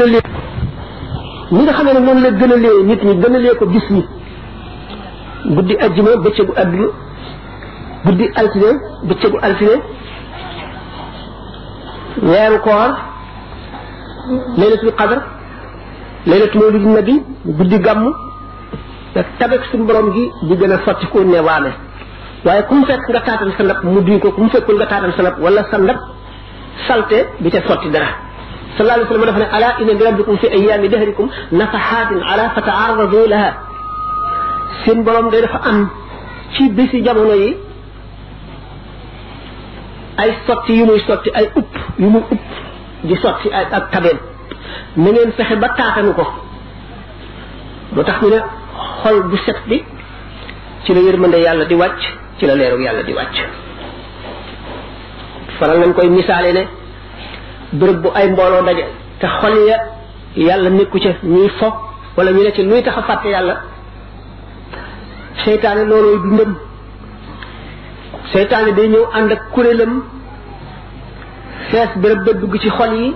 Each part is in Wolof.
li nga xam ne moom la gënalee nit ñi lee ko bis ñi guddi ajjuma bëccëgu àdduna guddi altine bëccëgu altine weeru koor laylatul qadar laylatul mawlidin nabi guddi gàmm ak tabek suñu borom gi di gën a sotti ko ne waame waaye ku mu fekk nga taatal sa ndab mu duy ko ku mu fekkul nga taatal sa ndab wala sa ndab salte bi te sotti dara صلى الله عليه وسلم دفنا الا ان ربكم في ايام دهركم نفحات على فتعرضوا لها سين بروم دي دافا ام سي بيسي جامونو يي اي سوتي يوموي سوتي اي اوب يوموي اوب دي سوتي اي اك تابل منين فخي با تاتانو كو لو تخ ني خول بو سيت دي سي لا يرمنده يالا دي واتش سي لا ليرو يالا دي واتش فرال نكوي مثالي نه bërëb bu ay mbooloo daje te xol ya yàlla nekku ca ñuy fo wala ñu ne ci luy tax a fàtte yàlla seytaane loolooy dundam seytaane day ñëw ànd ak kuréelam fees bërëb ba dugg ci xol yi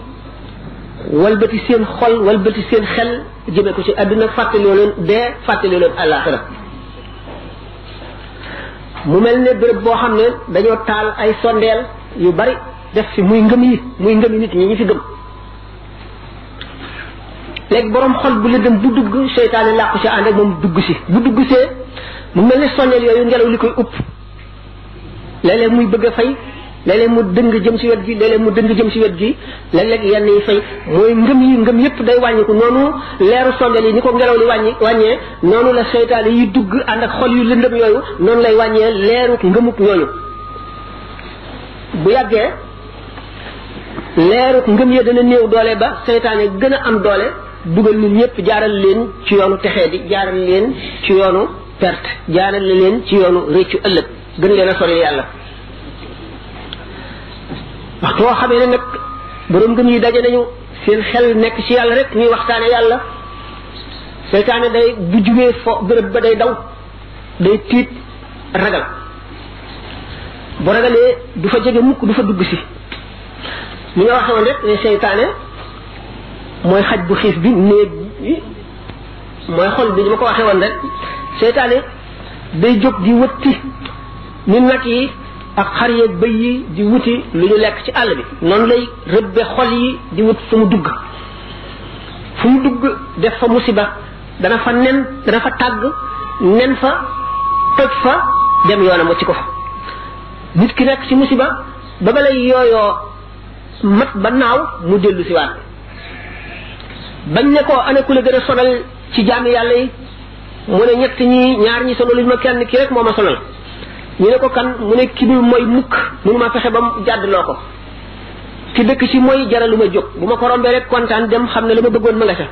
walbati seen xol walbati seen xel jëme ko ci àdduna fàttaloo leen dee fàttaloo leen àllaaxira mu mel ne bërëb boo xam ne dañoo taal ay sondeel yu bari def ci muy ngëm yi muy ngëm nit ñi ñi fi gëm léegi borom xol bu dem bu dugg seytaane laq ci and ak mom dugg ci bu dugg ci mu melni soñal yoyu ngelaw likoy upp léeg muy bëgg fay léeg mu dëng jëm ci wet gi léeg mu dëng jëm ci wet gi léeg-léeg yenn yi fay moy ngëm yi ngëm yépp day wañi ko nonu leeru soñal yi niko ngelaw li wañi wañé nonu la seytaane yi dugg and ak xol yu lëndëm yoyu non lay wañé leeru ngëmuk yoyu bu yagge leeru ngëm ya dana néew doole ba seytaane gën a am doole dugal nit ñëpp jaaral leen ci yoonu texee di jaaral leen ci yoonu perte jaaral leen ci yoonu réccu ëllëg gën leen a sori yàlla waxtu woo xamee ne nag borom yi daje nañu seen xel nekk ci yàlla rek ñuy waxtaane yàlla seytaane day bu jugee fo bërëb ba day daw day tiit ragal bu ragalee du fa jege mukk du fa dugg si li nga waxee woon rek ne seytaane mooy xaj bu xiif bi néeg bi mooy xol bi ni ma ko waxee woon rek seytaane day jóg di wëtti ni nag yi ak xar yeeg bëy yi di wuti lu ñu lekk ci àll bi noonu lay rëbbe xol yi di wut fu mu dugg fu mu dugg def fa musiba dana fa nen dana fa tàgg nen fa toj fa dem yoonam wacci ko fa nit ki nekk ci musiba ba balay yooyoo mat ba naaw mu dellu si waat bañ ne ko ana ku la gën a sonal ci jaami yàlla yi mu ne ñett ñi ñaar ñi sonaluñ ma kenn ki rek moo ma sonal ñu ne ko kan mu ne ki dul mooy mukk mënu ma fexe ba mu jàddloo ko ki dëkk ci mooy lu ma jóg bu ma ko rombee rek kontaan dem xam ne la ma bëggoon ma nga ca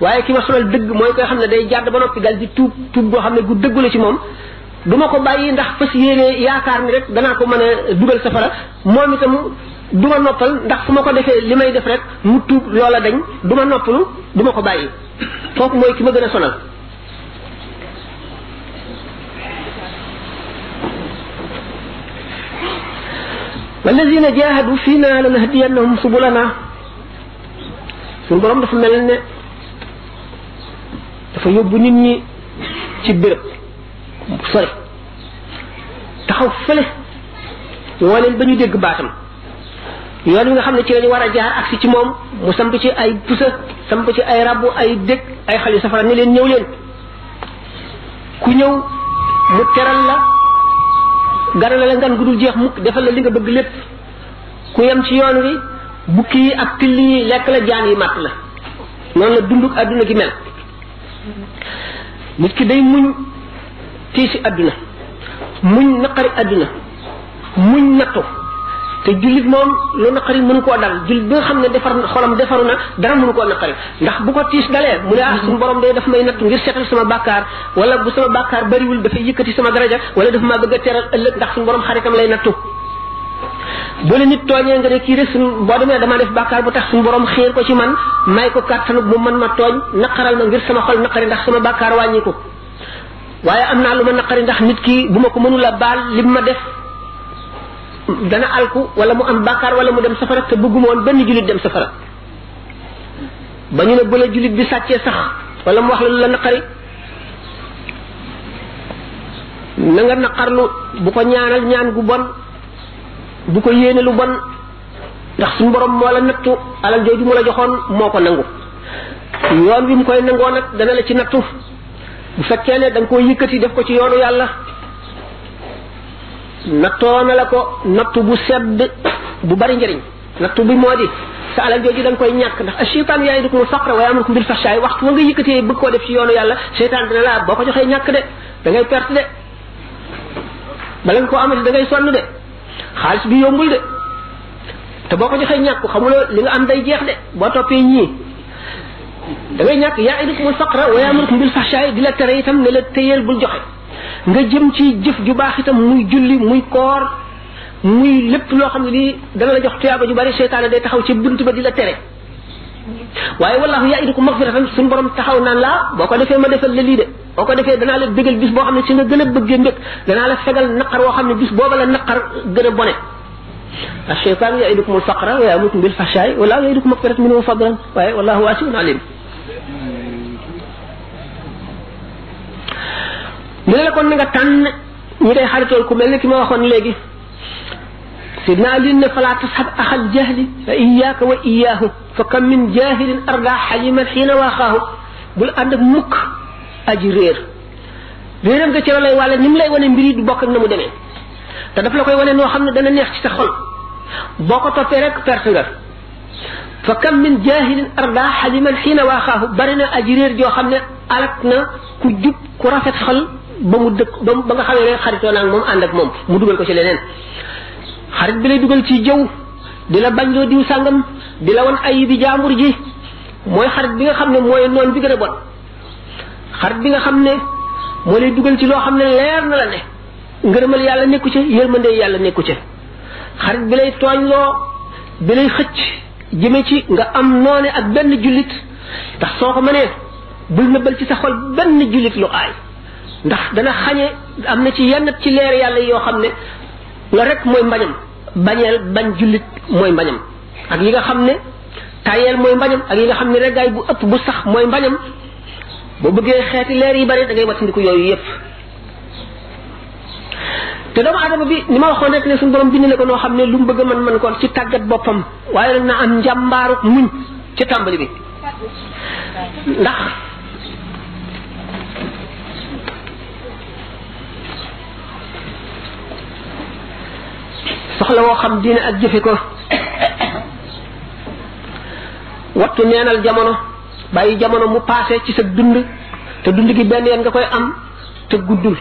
waaye ki ma sonal dëgg mooy koy xam ne day jàdd ba noppi gal di tuub tuub boo xam ne gu dëggu ci moom du ma ko bàyyi ndax fas yéene yaakaar ni rek danaa ko mën a dugal moom itam duma noppal ndax su ma ko defee li may def rek mu tuub loola dañ duma ma noppalu du ko bàyyi kooku mooy ki ma gën a sonal والذين جاهدوا فينا لنهدينهم subulana sun borom dafa mel ne dafa yóbbu nit ñi ci béréb sori taxaw fële woo leen ba ñu dégg baatam yoon yi nga xam ne ci lañu war a jaar agsi ci moom mu samp ci ay pusa samp ci ay rabbu ay dëkk ay xali safara ni leen ñëw leen ku ñëw mu teral la ganale la ngan gu jeex mukk defal la li nga bëgg lépp ku yem ci yoon wi bukki yi ak till yi lekk la jaan yi màtt la noonu la dunduk àdduna gi mel nit ki day muñ tiisi àdduna muñ naqari àdduna muñ nattu te julit mom lu naqari mën ko dal jul bi nga xam defar xolam defaruna dara mën ko naqari ndax bu ko tiss dalé mu ne ah suñu borom day daf may nat ngir sétal sama bakkar wala bu sama bakkar bari wul dafa yëkëti sama daraja wala dafa ma bëgg teral ëlëk ndax sun borom xaritam lay nattu bu le nit toñé nga rek ki res bo demé dama def bakkar bu tax sun borom xéer ko ci man may ko kàttanug bu man ma toñ naqaral ma ngir sama xol naqari ndax sama bakkar wañiko waye amna luma naa naqari ndax nit ki buma ko mënula bal limma def dana alku wala mu am bàkkaar wala mu dem safara te bëgguma woon benn jullit dem safara ba ñu ne bu la jullit bi sàccee sax wala mu wax la lu la naqari na nga naqarlu bu ko ñaanal ñaan gu bon bu ko yéene lu bon ndax suñu borom moo la nattu alal jooju mu la joxoon moo ko nangu yoon wi mu koy nangoo nag dana la ci nattu bu fekkee ne da nga koo yëkkati def ko ci yoonu yàlla nattoo na la ko nattu bu sedd bu bari njëriñ nattu bi moo di sa alal jooju da nga koy ñàkk ndax seytaan yaay dukumul faqra wa ya'murukum bil fahshaay waxtu wa nga yëkkatee bëgg koo def ci yoonu yàlla seytaan dina la boo ko joxee ñàkk de da ngay perte de bala koo amati da ngay sonn de xaalis bi yombul de te boo ko joxee ñàkk xamuloo li nga am day jeex de boo toppee ñii da ngay ñàkk ya'idukumul faqra wa ya'murukum bil fahshaay di la tere itam ne la téyeel bul joxe nga jëm ci jëf ju baax itam muy julli muy koor muy lépp loo xam ne lii dana la jox tuyaaba ju bari seytaane day taxaw ci bunt ba di la tere waaye wallahu ya idukum magfiratan suñ borom taxaw naan la boo ko defee ma defal la lii de boo ko defee danaa la bégal bis boo xam ne si nga gën a bëggee mbég danaa la fegal naqar woo xam ne bis booba la naqar gën a bone الشيطان يعيدكم الفقر ويأمركم بالفحشاء ولا يعيدكم مغفرة منه وفضلا والله واسع عليم mu ne la kon na nga tànn ñi day xaritool ku mel ni ki ma waxoon léegi سيدنا علي فلا تصحب أخ الجهل فإياك وإياه فكم من جاهل أردى حليما حين واخاه بل عندك مك أجي رير ريرم كتير لي ولا نم لي وانا مبريد بوك نمو دمي تدف لكوي وانا نو خمنا دانا نيخ تسخل بوك تفيرك فرسنر فكم من جاهل أردى حليما حين واخاه برنا أجي رير جو خمنا ألقنا كجب كرافة خل ba mu dëkk ba ba nga xamee ne xaritoo naa moom ànd ak moom mu dugal ko ci leneen xarit bi lay dugal ci jëw di la bañ loo diw sàngam di la wan ay bi jaambur ji mooy xarit bi nga xam ne mooy noon bi gën a bi nga xam ne moo lay dugal ci loo xam ne leer na la ne ngërëmal yàlla nekku ca yërmande yàlla nekku ca xarit bi lay tooñ loo bi lay xëcc jëme ci nga am noone ak benn jullit ndax soo ko mënee bul nëbbal ci sa xol benn jullit lu aay ndax dana xañe am na ci yenn ci leer yàlla yoo xam ne loolu rek mooy mbañam bañeel bañ jullit mooy mbañam ak yi nga xam ne tayeel mooy mbañam ak yi nga xam ne reggaay bu ëpp bu sax mooy mbañam boo bëggee xeeti leer yi bari dangay ngay wattandiku yooyu yëpp te doomu adama bi ni ma waxoon rek ne suñu borom bind na ko noo xam ne lu mu bëgg a mën mën ko ci tàggat boppam waaye la na am njàmbaaru muñ ci tàmbali bi ndax soxla woo xam diine ak jëfe ko wattu neenal jamono bàyyi jamono mu paase ci sa dund te dund gi benn yoon nga koy am te guddul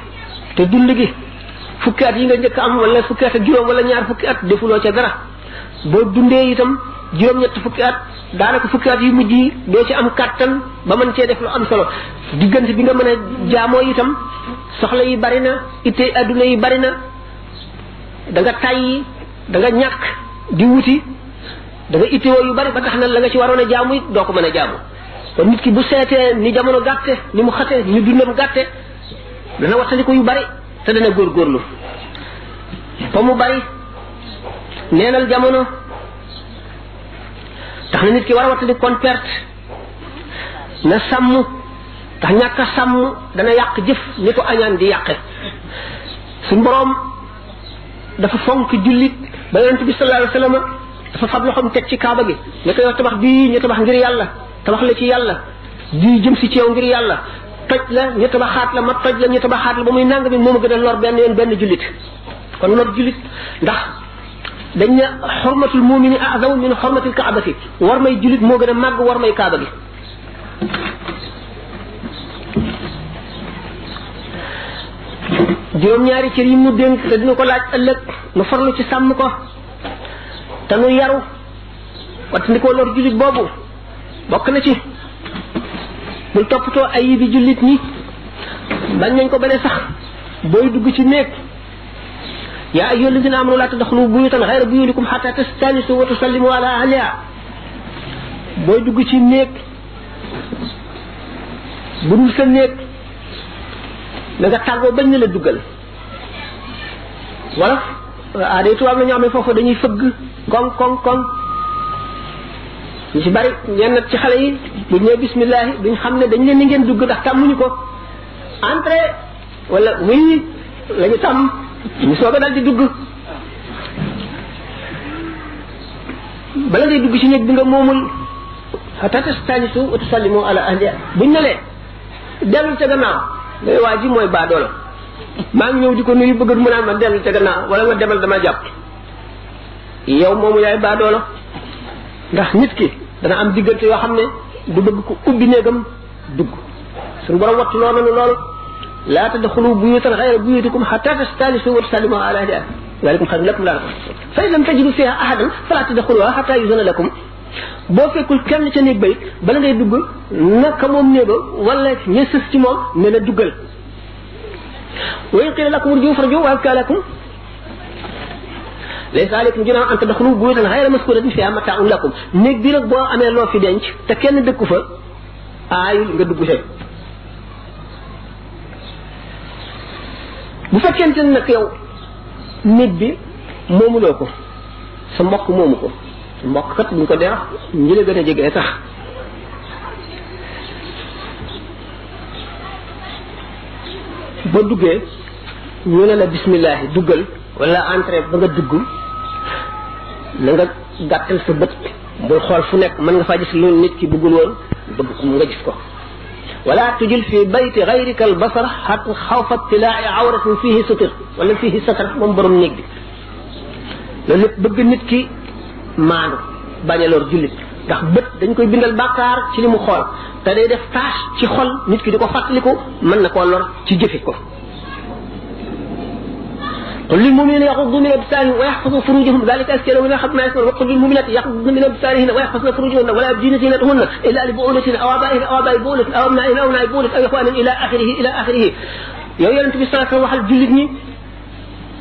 te dund gi fukki at yi nga njëkk am wala fukki at ak juróom wala ñaar fukki at defuloo ca dara boo dundee itam juróom-ñett fukki at daanaka fukki at yu mujj yi doo ci am kàttan ba mën cee def lu am solo diggante bi nga mën a jaamoo itam soxla yi bari na itte adduna yi bari na daga tay, daga ñak diusi, di wuti daga nga wo yu bari ba tax na la nga ci waroon jaamu it ko jaamu kon nit ki bu sété ni jamono gatte ni mu xaté ni dundam gatte dana ko yu bari te dana gorlu ba mu bari neenal jamono tax na nit ki war a wattandiku kon perte na sammu tax ñaka sammu dana yàq jëf ni ko añaan di yaqé sun borom dafa fonk jullit ba yonent bi sallallahu alayhi wasallam dafa fab loxoom teg ci kaaba gi ne ko yow tabax bii ñu tabax ngir yàlla tabax la ci yàlla bii jëm si ci yow ngir yàlla toj la ñu tabaxaat la ma toj la ñu tabaxaat la ba muy nang bi moom a gën a lor benn yoon benn jullit kon lor jullit ndax dañ ne xormatul mumini azamu min xormatil kaabati war may jullit moo gën a màgg war may kaaba gi juróom ñaari cër yi mu dénk te dina ko laaj ëllëg nu farlu ci sàmm ko te nu yaru wattandikoo lor jullit boobu bokk na ci bul toppatoo ay yi bi jullit ñi bañ nañ ko bane sax booy dugg ci néeg yaa ayyuha alladina amanu laa tadxulu buyutan xayra buyutikum xata tastanisu wa tusallimu ala ahliha booy dugg ci néeg bu dul sa néeg na nga tàggoo bañ na la duggal wala aaday euh, tubaab la ñu amee foofu dañuy fëgg koŋ koŋ koŋ ñu ci bari ñenn nag ci xale yi bu ñëwee bismillaahi duñ xam ne dañ leen ni ngeen dugg ndax tàmmuñu ko entrée wala wuy lañu tàmm ñu soog a dal di dugg bala ngay dugg ci néeg bi nga moomul hatta tastanisu buñ ne leen dellu ca gannaaw day waa ji mooy baadoola maa ngi ñëw di ko nuyu bëgg mu naan ma dellu ca gannaaw wala nga demal dama jàpp yow moomu yaay baadoola ndax nit ki dana am diggante yoo xam ne du bëgg ko ubbi néegam dugg suñu borom wattu loo nanu loolu laa tadxulu buyutan xayra buyutikum xata tastalisu wa tusallimu ala ahliha ذلكم خير لكم لا فإن لم تجدوا فيها أحدا فلا تدخلوها حتى يزن لكم boo fekkul kenn ca néeg ba it bala ngay dugg naka moom néega wala ña sës ci moom ne la duggal wa in qiila lakum urji'u farji'u wa azkaa lakum laysa alaykum junaahun an tadxulu buyuutan ghayra maskuunatin fiihaa mataa'un lakum néeg bi nag boo amee loo fi denc te kenn dëkku fa aayul nga dugg see bu fekkente ne nag yow néeg bi moomuloo ko sa mbokk moomu ko mbokk kat buñ ko dee wax ñi la gën a jegee tax ba duggee ñu ne la bismillahi duggal wala entrée ba nga dugg na nga gàttal sa bët bul xool fu nekk mën nga faa gis lu nit ki bëggul woon bëgg ko nga gis ko ولا تجل في بيت غيرك البصر حتى خوف اطلاع عورة فيه ستر ولا فيه ستر من برم نيك لو نيت بيج نيت كي maandu bañe lor julit ndax bët dañ koy bindal bakkar ci li mu xool te day def tâche ci xol nit ki di ko fàttaliku mën na koo lor ci jëfe ko قل للمؤمنين يغضوا من ابصارهم ويحفظوا فروجهم ذلك ازكى لهم يخاف ما يسمعون وقل للمؤمنات يغضن من ابصارهن ويحفظن فروجهن ولا يبدين زينتهن الا لبؤولتهن او ابائهن او اباء بؤولة او ابنائهن او ابناء بؤولة او اخوانهن الى اخره الى اخره يوم يلنت بصلاه وحل جلد ني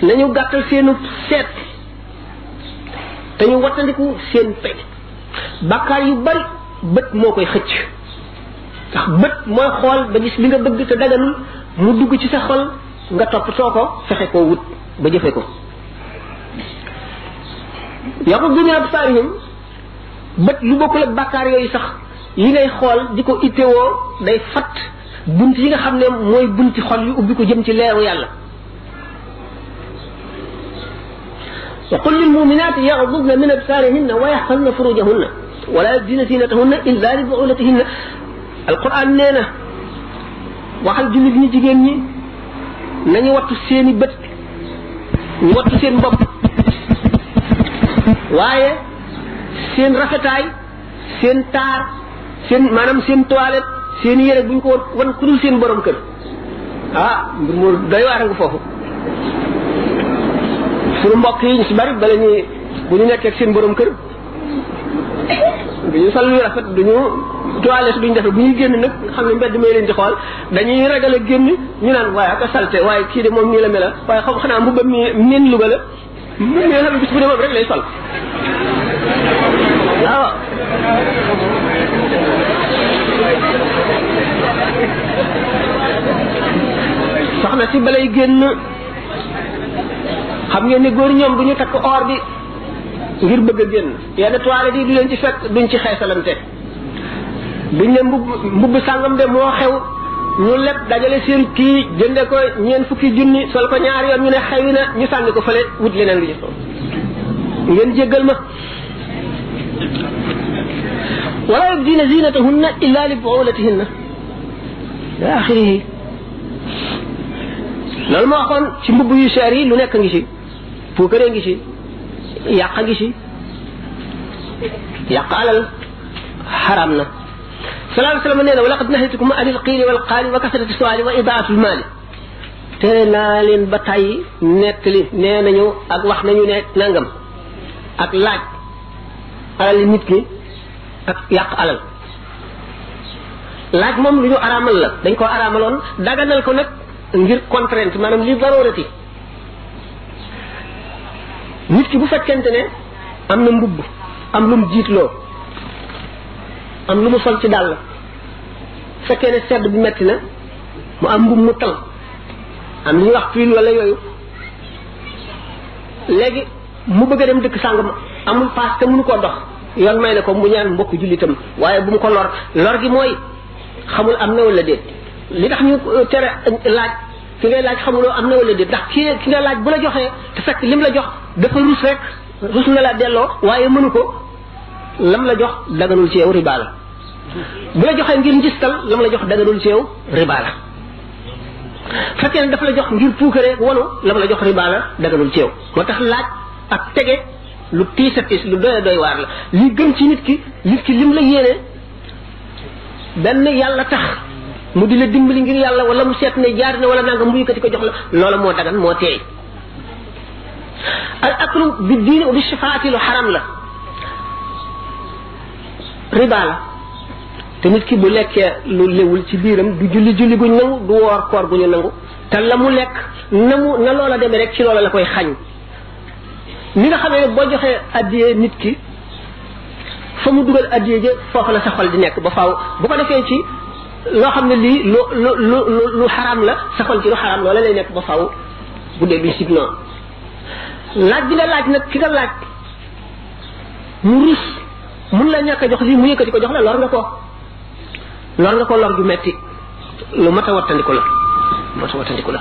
نانيو غاتال سينو سيت te ñu wattandiku seen pay bàkkaar yu bari bët moo koy xëcc ndax bët mooy xool ba gis li nga bëgg te daganul mu dugg ci sa xol nga topp too ko fexe koo wut ba jëfe ko yaqubbu min absaarihim bët lu bokkul ak bàkkaar yooyu sax yi ngay xool di ko ittewoo day fatt bunt yi nga xam ne mooy bunti xol yu ubbi ko jëm ci leeru yàlla يقول للمؤمنات يغضبن من ابصارهن ويحفظن فروجهن ولا يبدين زينتهن الا لبعولتهن القران نينا وخال جولي ني جيجين ني ناني واتو سيني بت ني واتو سين بوب وايه سين رافتاي سين تار سين مانام سين تواليت سين يره بنكو وون كودول سين بروم كير اه مور داي وار فوفو suñu mbokk yi ñu si bari bala ñuy bu ñu nekkee seen borom kër duñu sol lu rafet duñu toilette duñu def bu ñuy génn nag xam ne mbedd may leen di xool dañuy ragal a génn ñu naan waaye ak salte waaye kii de moom nii la mel waaye xam xanaa mbubbam mi nen lu ba la mu ne xam bis bu ne moom rek lay sol waaw soxna si balay génn xam ngeen ni góor ñoom bu ñu takk or bi ngir bëgg a génn yenn toilette yi du leen ci fekk duñ ci xeesalante duñ leen mbubb mbubb sàngam de moo xew ñu lepp dajale seen kii jënde ko ñeen fukki junni sol ko ñaar yoon ñu ne xewi na ñu sànni ko fële wut leneen lu ñu ngeen jéggal ma ولا يبدين زينتهن إلا لبعولتهن إلى آخره لا moo waxoon ci mbubb yu seer yi lu puukaree ngi ci yàq ngi ci yàq alal xaraam na sallallahu alayhi wa sallam nee na wa laqad nahaytukum anil qiili wal qaali wa kasrati su'aali wa idaatul maali tere naa leen ba tàyyi nettali nee nañu ak wax nañu ne nangam ak laaj alal nit ki ak yàq alal laaj moom lu ñu araamal la dañ koo araamaloon daganal ko nag ngir contrainte maanaam li darurati nit ki bu fekkente ne am na mbubb am lu mu jiitloo am lu mu sol ci dàll fekkee ne sedd bu metti na mu am mbubb mu tal am lu ñuy wax piil wala yooyu léegi mu bëgg a dem dëkk ma amul paas te koo dox yoon may na ko mu ñaan mbokk jullitam waaye bu mu ko lor lor gi mooy xamul am na wala déet li tax ñu uh, tere uh, laaj ki ngay laaj xamuloo am na wala déet ndax ki ki nga laaj bu la joxee te fekk lim la jox dafa rus rek rus na la delloo waaye mënu ko lam la jox daganul ci yow riba la bu la joxee ngir njistal la jox daganul ci yow riba la fekkee ne dafa la jox ngir puukare wanu lam la jox riba la daganul ceew yow moo tax laaj ak tege lu tiis a lu doy doy waar la li gën ci nit ki nit ki lim la yéene benn yàlla tax mu di la dimbali ngir yàlla wala mu seet ne jaar na wala nanga mu yëkkati ko jox la loola moo dagan moo teey al aklu bi diine bi lu xaram la riba la te nit ki bu lekkee lu lewul ci biiram du julli julli guñ nangu du woor koor gu ñu nangu te la mu lekk na mu na loola demee rek ci loola la koy xañ ni nga xam ne boo joxee addiyee nit ki fa mu dugal addiyee ja foofu la sa xol di nekk ba faw bu ko defee ci loo xam ne lii lu lu lu lu xaram la saxoon ci lu xaram loola lay nekk ba faw bu dee bi sib noonu laaj bi nga laaj nag ki nga laaj mu rus mun la ñàkk a jox lii mu yëkkati ko jox la lor nga ko lor nga ko lor ju metti lu mat a wattandiku la lu mat a wattandiku la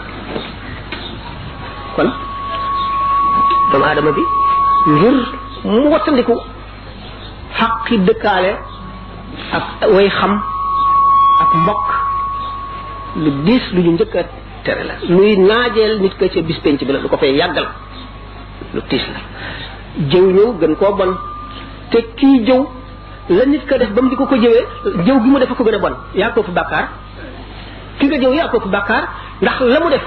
kon doomu aadama bi ngir mu wattandiku xaqi dëkkaale ak way xam ak mbokk lu diis lu ñu njëkk a tere la luy naajeel nit ko ca bis bi la lu ko fay yàggal lu tiis la jëw ñëw gën koo bon te kii jëw la nit ko def ba mu di ko ko jëwee jëw gi mu def ko gën a bon yaa ko fu bàkkaar ki nga jëw yaa ko fu bàkkaar ndax la mu def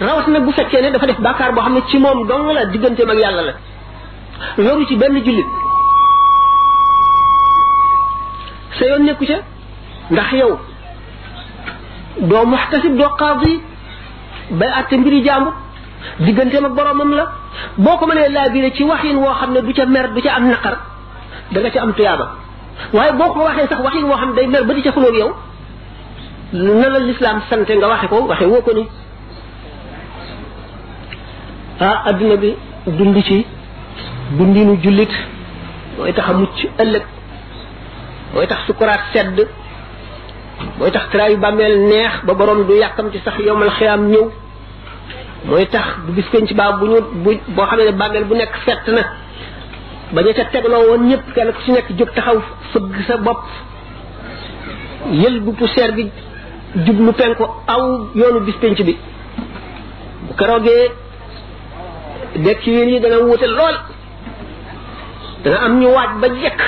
rawat nag bu fekkee ne dafa def bàkkaar boo xam ne ci moom dong la digganteem ak yàlla la loru ci benn jullit sa yoon nekku ca ndax yow do muhtasib do qadi bay atte mbiri jamm digganteem ak boromam la boo ko mënee laabire ci waxin wo xamné du ca mer du ca am naqar da nga ci am tiyaba waye boko waxé sax waxin wo xamné day mer ba di ca xulóog yow na la l'islam sante nga waxe ko waxe wo ko ni ah aduna bi dund ci dundinu julit mooy tax mucc ëllëg mooy tax sukuraat sedd mooy tax kiraayu bàmmeel neex ba borom du yàkkam ci sax yomal xiyaam ñëw mooy tax du bis penc baa bu ñu bu boo xamee ne bàmmeel bu nekk fett na ba ñu ca tegloo woon ñëpp kenn ku ci nekk jóg taxaw fëgg sa bopp yël bu poussière bi jublu penku aw yoonu bis bi bu keroogee dekk yi dana wuute lool dana am ñu waaj ba jekk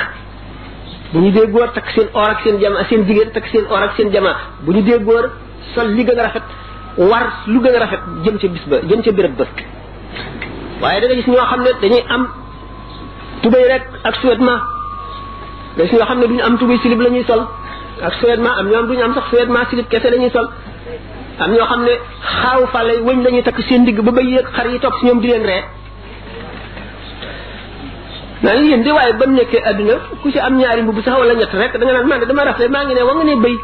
bu ñu dee góor takk seen or ak seen jama seen jigéen takk seen or ak seen jama bu ñu dee góor sol li gën a rafet war lu gën a rafet jëm ca bis ba jëm ca béréb ba waaye da gis ñoo xam ne dañuy am tubéy rek ak sous-vêtement da ñoo xam ne duñu am tubéy silib la ñuy sol ak sous-vêtement am ñoo am duñu am sax sous kese la sol am ñoo xam ne xaaw fàlle wëñ la ñuy takk seen digg ba bëy xar yi topp si ñoom di leen ree naa yéen di waaye ba mu nekkee àdduna ku ci am ñaari mbubb sax wala ñett rek da nga naan man de dama rafet maa ngi ne wa nga ne bëy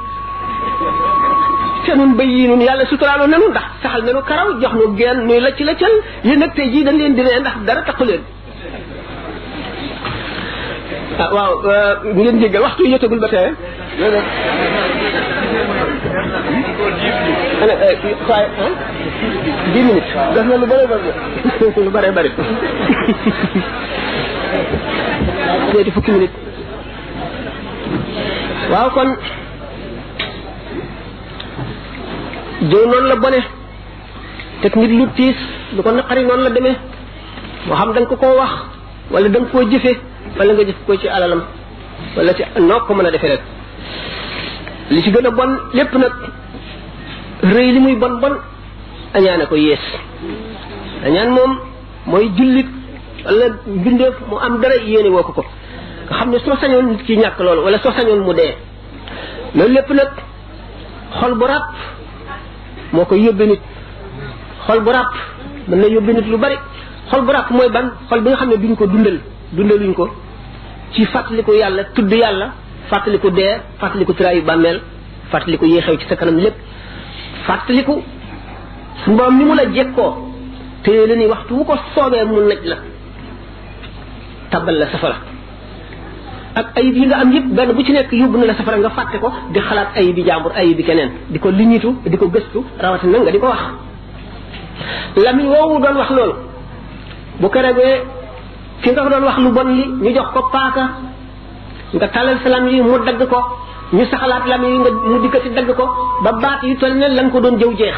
te nun bëy yi nun yàlla suturaalo nanu ndax saxal nanu karaw jox nu geen nuy lacc laccal yéen nag tey jii dañ leen di ree ndax dara taxu leen ah waaw ngeen jéggal waxtu yotagul ba tey ana xaay ah dix minutes def na lu bare bare lu bare bare léegi di fukki minute waaw kon jëw noonu la bone te nit lu tiis lu ko naqari noonu la deme moo xam da ko koo wax wala da koo jëfe wala nga jëf ko ci alalam wala ci noo ko mën a defee rek li ci gën a bon lépp nag rëy li muy bon bon añaane ko yées añaan moom mooy jullit wala bindeef mu am dara yéene woo ko ko nga xam ne soo sañoon nit ki ñàkk loolu wala soo sañoon mu dee loolu lépp nag xol bu ràpp moo koy yóbbe nit xol bu ràpp mën na yóbbe nit lu bari xol bu ràpp mooy ban xol bi nga xam ne duñ ko dundal dundaluñ ko ci fàttaliku yàlla tudd yàlla fàttaliku dee fàttaliku tiraayu bàmmeel fàttaliku yi xew ci sa kanam lépp fàttaliku su mboom ni mu la jekkoo téye la ni waxtu wu ko soobee mu naj la tàbbal la safara ak ayib yi nga am yëpp benn bu ci nekk yóbbu na la safara nga fàtte ko di xalaat ayib yi jàmbur ayib yi keneen di ko liñitu di ko gëstu na nga di ko wax lamiñ woowu doon wax loolu bu keregee fi nga doon wax lu bon li ñu jox ko paaka nga talal sa lamiñ yi mu dagg ko ñu saxalaat lamiñ yi nga mu dikkati dagg ko ba baat yu toll ne la nga ko doon jëw jeex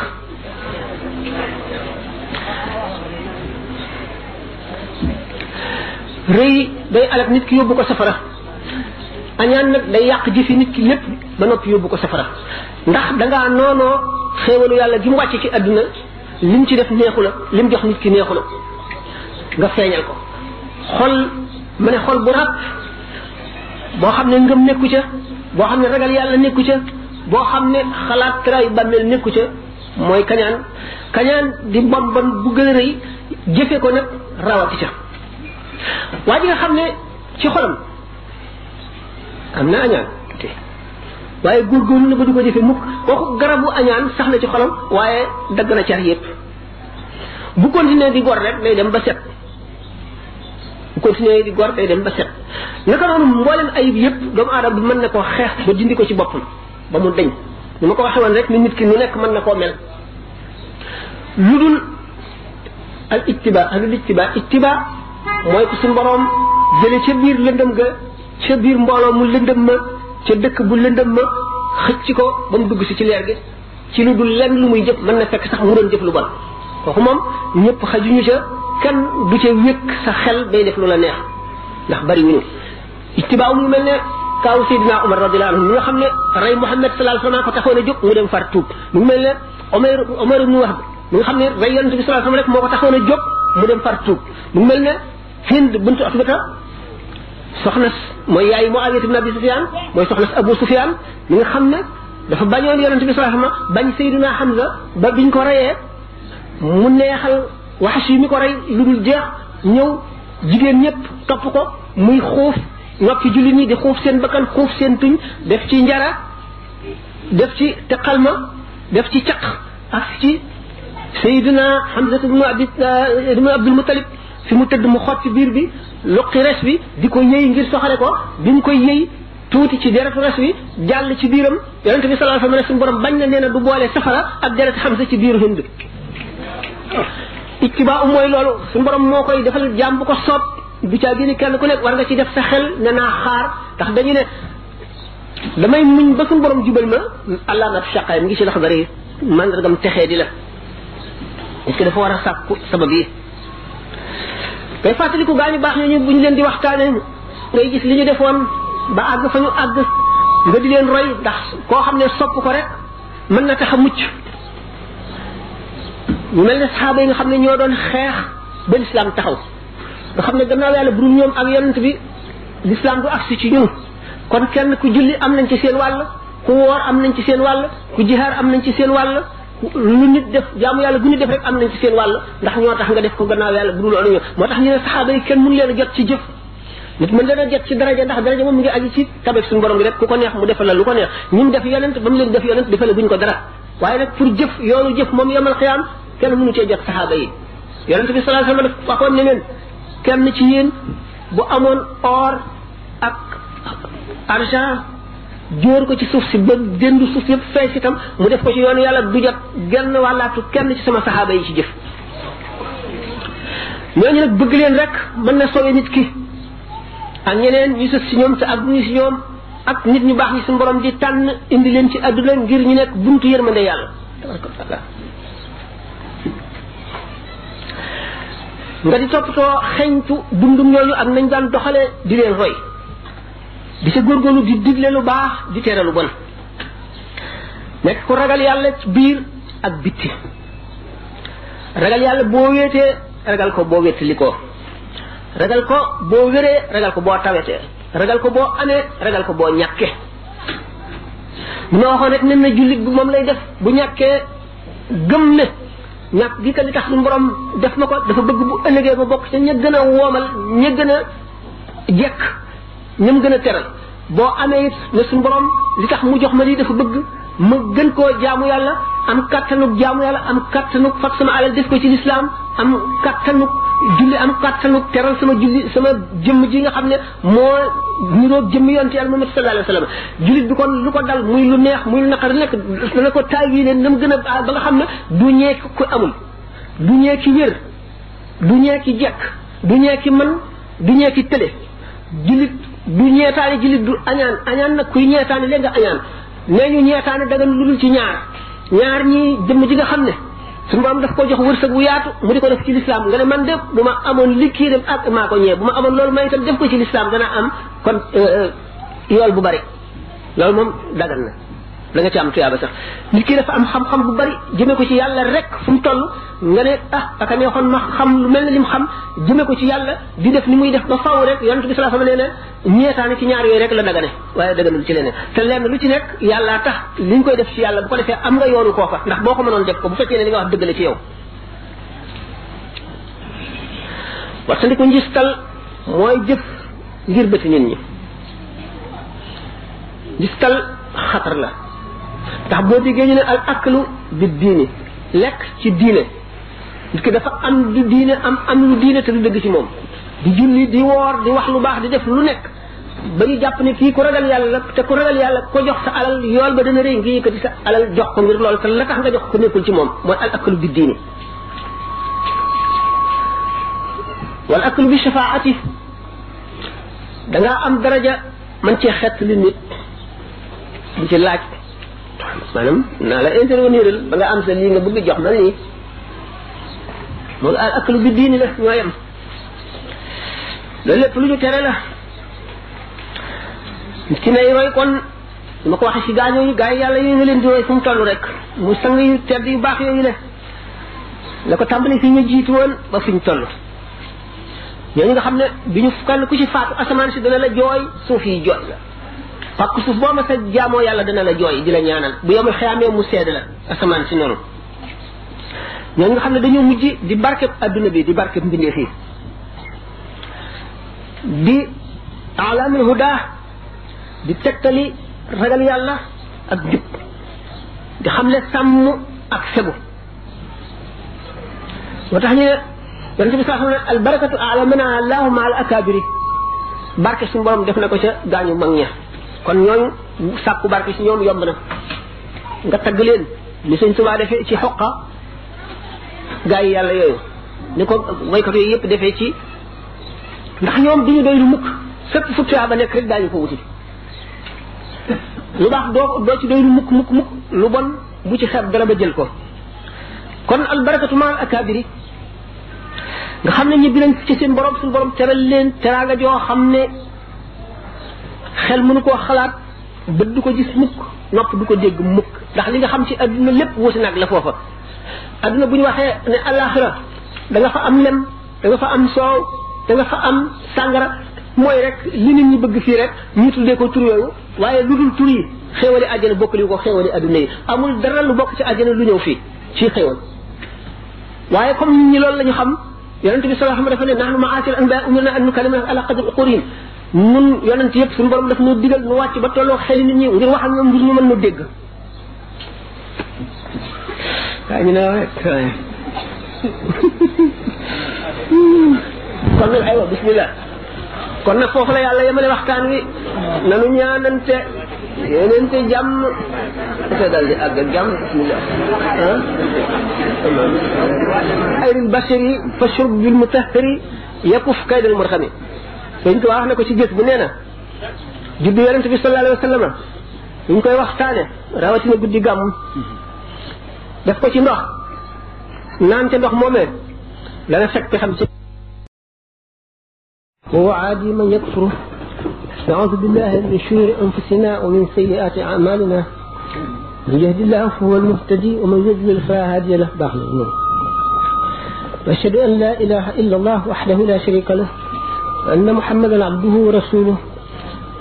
rëy day alak nit ki yóbbu ko safara añaan nag day yàq jëfi nit ki lépp ba noppi yóbbu ko safara ndax dangaa noonoo xéewalu yàlla gi mu wàcc ci àdduna lim ci def neexu la lim jox nit ki neexu la nga feeñal ko xol ma ne xol bu rab boo xam ne ngëm nekku ca boo xam ne ragal yàlla nekku ca boo xam ne xalaat tray bàmmeel nekku ca mooy kañaan kañaan di bon bon bu gën a rëy jëfe ko nag rawati ca waa ji nga xam ne ci xolam am na añaan waaye góorgóorlu na ba du ko defee mukk ko garabu añaan sax na ci xolom waaye dagg na car yépp bu continuer di gor rek day dem ba set bu continuer di gor day dem ba set naka noonu mbooleem ayib yépp doomu aadama bi mën na koo xeex ba dindi ko ci boppam ba mu deñ ni ma ko waxee woon rek ni nit ki nu nekk mën na koo mel lu dul al ittiba al ittiba ittiba mooy ku suñu boroom jële ca biir lëndëm ga ca biir mbooloo mu lëndëm ma ca dëkk bu lëndëm ma xëcc ko ba mu dugg si ci leer gi ci lu dul lenn lu muy jëf mën na fekk sax mu doon jëf lu bon kooku moom ñëpp xajuñu ca kenn du ca wékk sa day def lu la neex ndax bari ñu ittibaawum lu mel ne kaaw Seydina Omar radiyallahu anhu nga xam ne rey Muhammad sallallahu alayhi ko taxoon a jóg mu mel ne Omar Omar ibn Wahb mu nga xam ne rey yonent bi sallallahu alayhi moo ko taxoon a jóg mu dem far tuub mu mel ne هند بنت أخبتها سخنس موي ياي معاوية بن أبي سفيان موي سخنس أبو سفيان من خمنا دفا بانيون يرن تبي صلى بني سيدنا حمزة بابين كوريا من يخل وحشي مي كوريا لدول جيخ نيو جيجين نيب طبقو موي خوف نوكي جولي ني دي خوف سين بكان خوف سين تون دفتي نجارة دفتي تقلمة دفتي تق أفتي سيدنا حمزة بن أبي بن أبي المطلب fi mu tëdd mu xot ci biir bi luqi res bi di ko yëy ngir soxale ko bi mu koy yëy tuuti ci deretu res bi jàll ci biiram yonente bi salaa sallam ne suñu borom bañ na nee na du boole safara ak xam sa ci biiru hind ittibaa mooy loolu suñu borom moo koy defal jàmb bu ko soob du caa génne kenn ku nekk war nga ci def sa xel ne naa xaar ndax dañu ne damay muñ ba suñu borom jubal ma allah na shaqay mi ngi ci lax bari mandargam texee di la est ce que dafa war a sàkku sabab yi ngay fàttaliku gaa ñu baax ñooñu bu ñu leen di waxtaanee ngay gis li ñu defoon ba àgg fa ñu àgg nga di leen roy ndax koo xam ne sopp ko rek mën na tax a mucc ñu mel ne saxaaba yi nga xam ne ñoo doon xeex ba lislaam taxaw nga xam ne gannaaw yàlla bu dul ñoom ak yonent bi lislaam du agsi ci ñun kon kenn ku julli am nañ ci seen wàll ku woor am nañ ci seen wàll ku jihaar am nañ ci seen wàll lu nit def jaamu yàlla gu ñu def rek am na ci seen wàll ndax ñoo tax nga def ko gannaaw yàlla bu dul loolu moo tax ñu ne saxaaba yi kenn mënu leen a jot ci jëf nit mën leen a jot ci daraja ndax daraja moom mi ngi aju ci tabeef suñu borom bi rek ku ko neex mu defal la lu ko neex ñun def yonent ba mu leen def yonent defal la guñ ko dara waaye nag pour jëf yoonu jëf moom yamal xiyaam kenn mënu cee jot saxaaba yi yonent bi sallallahu alayhi wa sallam ne leen kenn ci yéen bu amoon or ak argent jor ko ci suuf ci ba dendu suuf yeb fess itam mu def ko ci yoonu yalla du jot genn wàllaatu kenn ci sama sahaba yi ci jëf ñooñu nak bëgg leen rek mën na sowe nit ki ak ñeneen ñu sës ci ñoom te ak ñu ci ñoom ak nit ñu bax ñi sun borom di tan indi leen ci aduna ngir ñu nek buntu yermande yalla nga di toppatoo xeyntu dundum ñooñu ak nañ daan doxale di leen roy di ca góorgóorlu di digle lu baax di tere lu bon nekk ku ragal yàlla ci biir ak bitti ragal yàlla boo wéetee ragal ko boo wéttali ko ragal ko boo wéree ragal ko boo tawetee ragal ko boo amee ragal ko boo ñàkkee mu ne waxoon rek nen jullit bi moom lay def bu ñàkkee gëm ne ñàkk gi ka li tax suñu borom def ma ko dafa bëgg bu ëllëgee ma bokk ca ña gën a woomal ña gën a jekk ñam gën a teral boo amee it ne suñu borom li tax mu jox ma lii dafa bëgg ma gën koo jaamu yàlla am kattanug jaamu yàlla am kattanug fat sama alal def ko ci lislaam am kattanug julli am kattanug teral sama julli sama jëmm ji nga xam ne moo niroog jëmm yonte yàlla Muhammad sallallahu alayhi wa sallam jullit bi kon lu ko dal muy lu neex muy lu naqar nekk dana ko taay yi ne gën a ba nga xam ne du ñee ku amul du ñee ki wér du ñee ki jekk du ñee ki man du ñee ki tële jullit du ñeetaane jullit du añaan añaan nag kuy ñeetaane léegi nga añaan nee ñu ñeetaane dagan lu dul ci ñaar ñaar ñi jëmm ji nga xam ne suñu borom daf ko jox wërsëg bu yaatu mu di ko def ci lislaam nga ne man de bu ma amoon li kii dem ak maa ko ñee bu ma amoon loolu may itam def ko ci lislaam dana am kon euh, euh, yool bu bari loolu moom dagan na danga ci am tuyaaba sax nit ki dafa am xam-xam bu bari jëme ko ci yàlla rek fu mu toll nga ne ah aka neexoon ma xam lu mel ne lim xam jëme ko ci yàlla di def ni muy def ba faw rek yonent bi sallallahu alayhi wa sallam nee na ñeetaane ci ñaar yooyu rek la dagane waaye daganul ci leneen te leen lu ci nekk yàllaa tax li koy def ci yàlla bu ko defee am nga yoonu kooka ndax boo ko mënoon def ko bu fekkee ne li nga wax dëgg la ci yow wattandiku njistal mooy jëf ngir bëti nit ñi njistal xatar la ndax boo déggee ñu ne al aklu bi diine lekk ci diine nit ki dafa am du diine am am lu diine te du dëgg ci moom di julli di woor di wax lu baax di def lu nekk ba ñu jàpp ne kii ku ragal yàlla la te ku ragal yàlla ko jox sa alal yool ba dana rëy nga yëkkati sa alal jox ko ngir loolu te la tax nga jox ko nekkul ci moom mooy al aklu bi diine wal aklu bi shafaati da ngaa am daraja man cee xett li nit di ci laaj maanaam naa la intervenir ba nga am sa lii nga bëgg jox ma nii moom ak lu bi diini la ñoo yem loolu lépp lu ñu tere la ci nay roy kon ma ko waxee si gaa yooyu gaa yi yàlla leen di roy fu mu toll rek mu sang yu yu baax yooyu la la ko tàmbali fi ñu jiitu woon ba fi ñu toll ñooñu nga xam ne bi ñu kenn ku ci faatu asamaan si dana la jooy suuf yi jooy la pàkk suuf boo ma sa jaamoo yàlla dana la jooy di la ñaanal bu yomal xeyaamee mu sedd la asamaan si noonu ñoo nga xam ne dañu mujj di barkeb adduna bi di barkeb mbindeef yi di alamul huda di tegtali ragal yàlla ak jub di xam ne sàmm ak segu moo tax ñu ne xam ne albarakatu alamana allahu ma al akabiri barke suñu borom def na ko ca gaañu mag ña kon ñooñu sàkku barke si ñoom yomb na nga tagg leen li sëñ tubaa defee ci xoqa gaay yàlla yooyu ni ko waykat yooyu yëpp defee ci ndax ñoom duñu doy lu mukk sëpp fu tuyaa ba nekk rek daañu ko wuti lu baax doo doo ci doy lu mukk mukk mukk lu bon bu ci xeeb dara ba jël ko kon al barakatu ma al akabiri nga xam ne bi nañ ci seen borom suñu borom teral leen teraanga joo xam ne xel mënu koo xalaat bët du ko gis mukk nopp du ko dégg mukk ndax li nga xam ci àdduna lépp wuti nag la foofa àdduna bu ñu waxee ne alaxira da nga fa am lem da nga fa am soow da nga fa am sàngara mooy rek li nit ñi bëgg fii rek ñu tuddee ko tur yooyu waaye lu dul tur yi xéewali àjjana bokk li ko xéwali àdduna yi amul dara lu bokk ci àjjana lu ñëw fii ci xéwal waaye comme nit ñi loolu la ñu xam yonente bi salaa xam dafa ne nahnu maasil anbaa umirna an nukalima ala qadri uqurin nun yonent yëpp suñu borom daf ñu digal nu wàcc ba tolloo xel nit ñi ngir wax ak ñoom ngir ñu mën nu dégg waaye ñu ne waaye kon nag aywa bismillah kon nag foofu la yàlla yemale waxtaan wi nanu ñaanante yéenente jàmm te dal di àgg ak jàmm bismillah ah ayril bashiri fashrub bil mutahhari yakuf kaydal murxami sëñ Tuubaa wax na ko ci gis bu nee na juddu yonent bi sallallahu alayhi wa sallam ñu koy waxtaane rawatina guddi gàmm def ko ci ndox naan ca ndox moomee dana fekk xam ci وعادي من يكفر نعوذ بالله من شرور أنفسنا ومن سيئات أعمالنا من يهد الله فهو المهتدي ومن يضلل فلا هادي له باخر وأشهد أن لا إله إلا الله وحده لا شريك له أن محمدا عبده ورسوله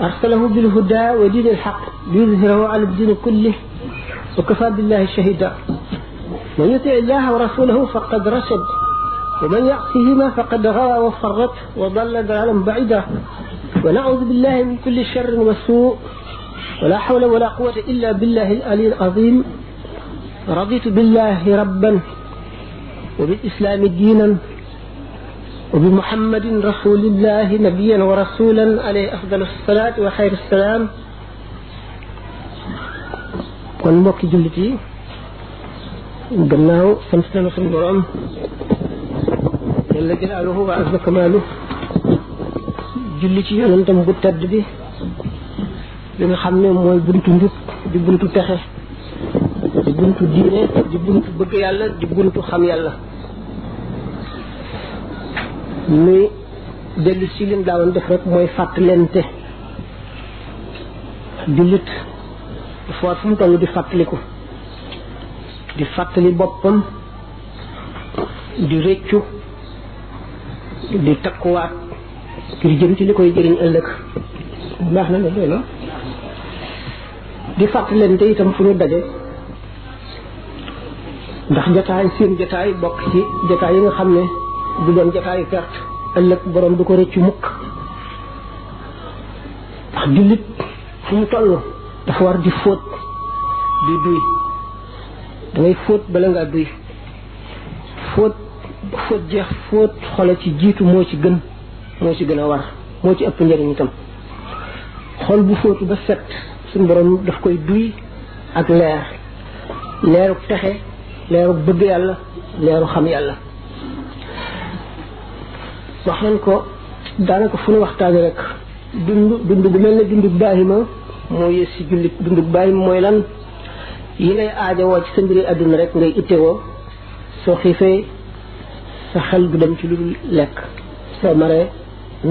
أرسله بالهدى ودين الحق ليظهره على الدين كله وكفى بالله شهيدا من يطع الله ورسوله فقد رشد ومن يعصهما فقد غوى وفرط وضل ضلالا بعيدا ونعوذ بالله من كل شر وسوء ولا حول ولا قوة إلا بالله الألي العظيم رضيت بالله ربا وبالإسلام دينا وبمحمد رسول الله نبيا ورسولا عليه أفضل الصلاة وخير السلام والموك جلتي قلناه فنسلنا في المرام يلا جلاله وعز كماله جلتي ينتم بتد به لن خمني موي بنت نت دي تخي دي بنت دينة دي الله دي خمي الله luy dellu ci lim daawoon def rek mooy fàttalente jullit foo fu mu toll di ko di fàttali boppam di rëccu di takkuwaat ngir jëm ci li koy jëriñ ëllëg baax na ne doy di fàttalente itam fu ñu daje ndax jataay seen jataay bokk ci jataay yi nga xam ne du doon jotaayu perte ëllëg borom du ko rëccu mukk ndax jullit fu mu toll dafa war di fóot di duy dangay fóot bala ngaa duy fóot fóot jeex fóot xole ci jiitu moo ci gën moo ci gën a war moo ci ëpp njëriñ itam xol bu fóotu ba set suñu borom daf koy duy ak leer leeru pexe leeru bëgg yàlla leeru xam yàlla wax nañ ko daanaka fu ne waxtaane rek dund dund bu mel ne dund baahima moo yées ci jullit dund baahima mooy lan yi ngay aajowoo ci sa mbiri àdduna rek ngay ittewoo soo xiifee sa xel bu dem ci lu dul lekk soo maree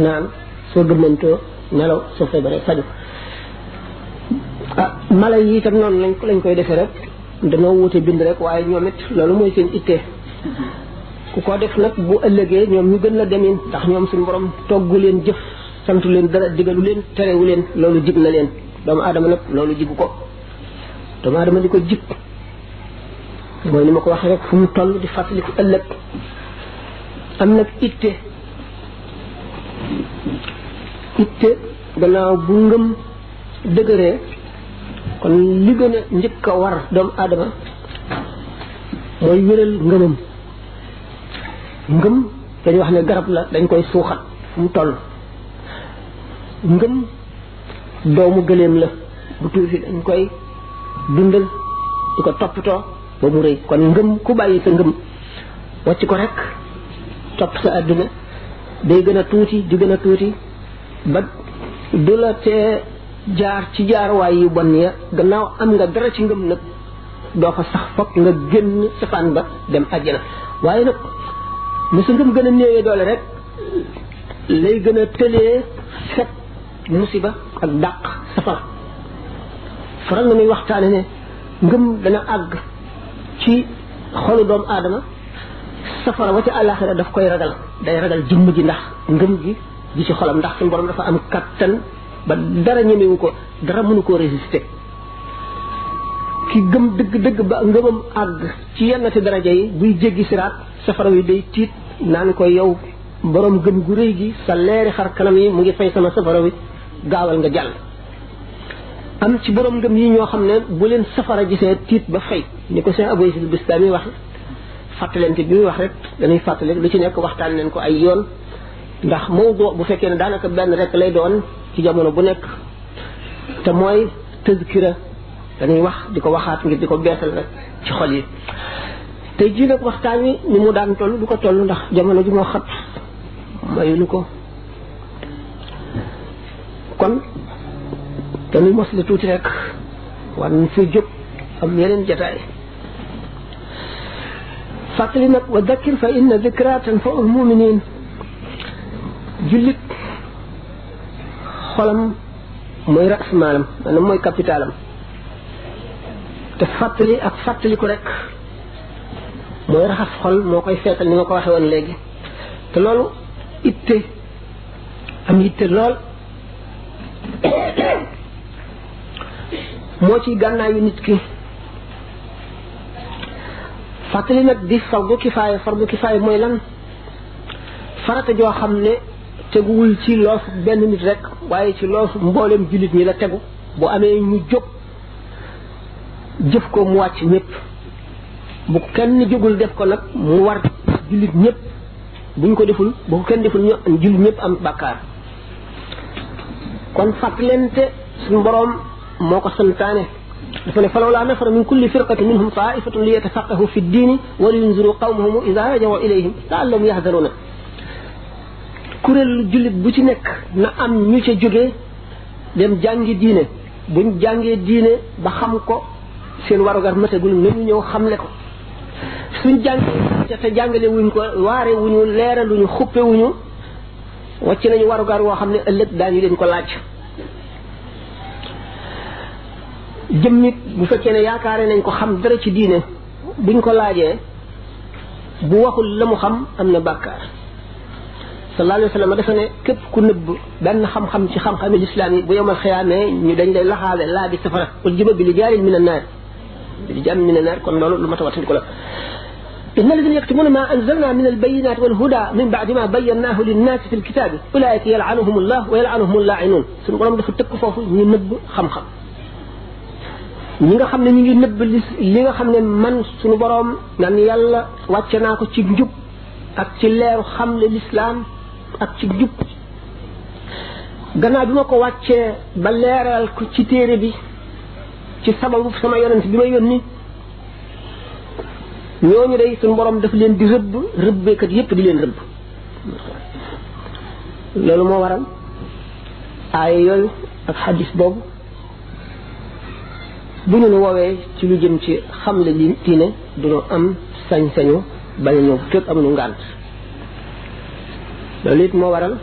naan soo gëmmantoo nelaw soo feebaree faju ah mala yi tam noonu lañ ko lañ koy defee rek danoo wute bind rek waaye ñoom it loolu mooy seen ittee ku ko def nag bu ëllëgee ñoom ñu gën la demin ndax ñoom suñu borom togg leen jëf santu leen dara digalu leen terewu leen loolu jig na leen doomu aadama nag loolu jigu ko doomu aadama ko jig mooy ko waxee fu mu toll di fàttaliku ëllëg am nag itte itte gannaaw bu ngëm dëgëree kon li gën a njëkk a war doomu aadama mooy wéral ngëmam ngëm dañuy wax ne garab la dañ koy suuxat mu toll ngëm doomu gëléem la bu tuuti dañ koy dundal di ko toppatoo ba mu rëy kon ngëm ku bàyyi sa ngëm wàcc ko rek topp sa àdduna day gën a tuuti di gën a tuuti ba du la tee jaar ci jaarwaay yu bon ya gannaaw am nga dara ci ngëm nag doo fa sax foog nga génn safaan ba dem àjjana waaye nag ni sa ngëm gën a néewee doole rek lay gën a tëlee set musiba ak dàq safar faral na muy waxtaane ne ngëm dana àgg ci xolu doomu aadama safara wa ci àllaaxira daf koy ragal day ragal jëmm ji ndax ngëm gi gi ci xolam ndax suñu borom dafa am kattan ba dara ñemewu ko dara mënu koo résister ki gëm dëgg dëgg ba ngëmam àgg ci yenn ci daraja yi buy jéggi siraat safara wi day tiit naan ko yow boroom gëm gu rëy gi sa leeri xar kanam yi mu ngi fay sama safara wi gaawal nga jàll am ci boroom ngëm yi ñoo xam ne bu leen safara gisee tiit ba fay ni ko seen Abu Yazid Bistami wax fàttalente bi muy wax rek dañuy fàttali lu ci nekk waxtaan leen ko ay yoon ndax mawdu bu fekkee ne daanaka benn rekk lay doon ci jamono bu nekk te mooy tëzkira dañuy wax di ko waxaat ngir di ko beesal rek ci xol yi tey jii waxtaan wi ni mu daan toll du ko tollu ndax jamono ju moo xat mayuñu ko kon dañuy mos la tuuti rek wan fi jóg am yeneen jataay fàttali nag wa dakkir fa inna dikra tanfa'ul muminin jullit xolam mooy ras maalam maanaam mooy capitalam te fàttali ak fàttali ko rek mooy raxas xol moo koy feetal ni nga ko waxe woon léegi te loolu itte am itte lool moo ciy gànnaayu nit ki fàttali nag di fardu far fardu kifaaya mooy lan farata joo xam ne teguwul ci loofu benn nit rek waaye ci loofu mboolem jullit ñi la tegu bu amee ñu jóg jëf ko mu wàcc ñëpp bu kenn jógul def ko nag mu war jullit ñëpp buñ ko deful bu ko kenn deful ñu jullit ñëpp am bàkkaar kon fàttalente suñu boroom moo ko santaane dafa ne falawlaa nafara min kulli firqatin minhum taifatun li yatafaqqahu fi ddiini wa li yunziru qawmahum ida rajaw ilayhim laallahum yahdaruuna kuréelu jullit bu ci nekk na am ñu ca jógee dem jàngi diine buñ jàngee diine ba xam ko seen warugar matagul ñu ñëw xamle ko suñ jàngee te jàngale wuñ ko waare wuñu leeraluñu xuppe wuñu wàcc nañu warugar woo xam ne ëllëg daañu leen ko laaj jëmmit bu fekkee ne yaakaare nañ ko xam dara ci diine buñ ko laajee bu waxul la mu xam am na bàkkaar sallallahu alayhi wa sallam dafa ne képp ku nëbb benn xam-xam ci xam-xami lislaam yi bu yomal xiyaamee ñu dañ lay laxaale laa bi safara qul jiba bi li jaarin min annaar bi li jaarin min annaar kon loolu lu ma tawatandi ko la إن الذين يكتمون ما أنزلنا من البينات والهدى من بعد ما بيناه للناس في الكتاب أ و ل ئ ك يلعنهم الله ويلعنهم اللاعنون سنقوم بفتكفه في نب خمخم ليغا خامني نيغي نيب ليغا خامني مان سونو بوروم نان يالا واتيناكو سي نجوب اك سي لير خامل الاسلام اك سي نجوب غنا بماكو واتيه با ليرال كو سي تيري بي سي سبب سما يونس بما يوني ñooñu day suñu borom daf leen di rëbb rëbbeekat yépp di leen rëbb loolu moo waral aaya yooyu ak xadis boobu bu ñu woowee ci lu jëm ci xamle li diine duñu am sañ-sañu bañ a ñëw fekk amuñu ngànt loolu it moo waral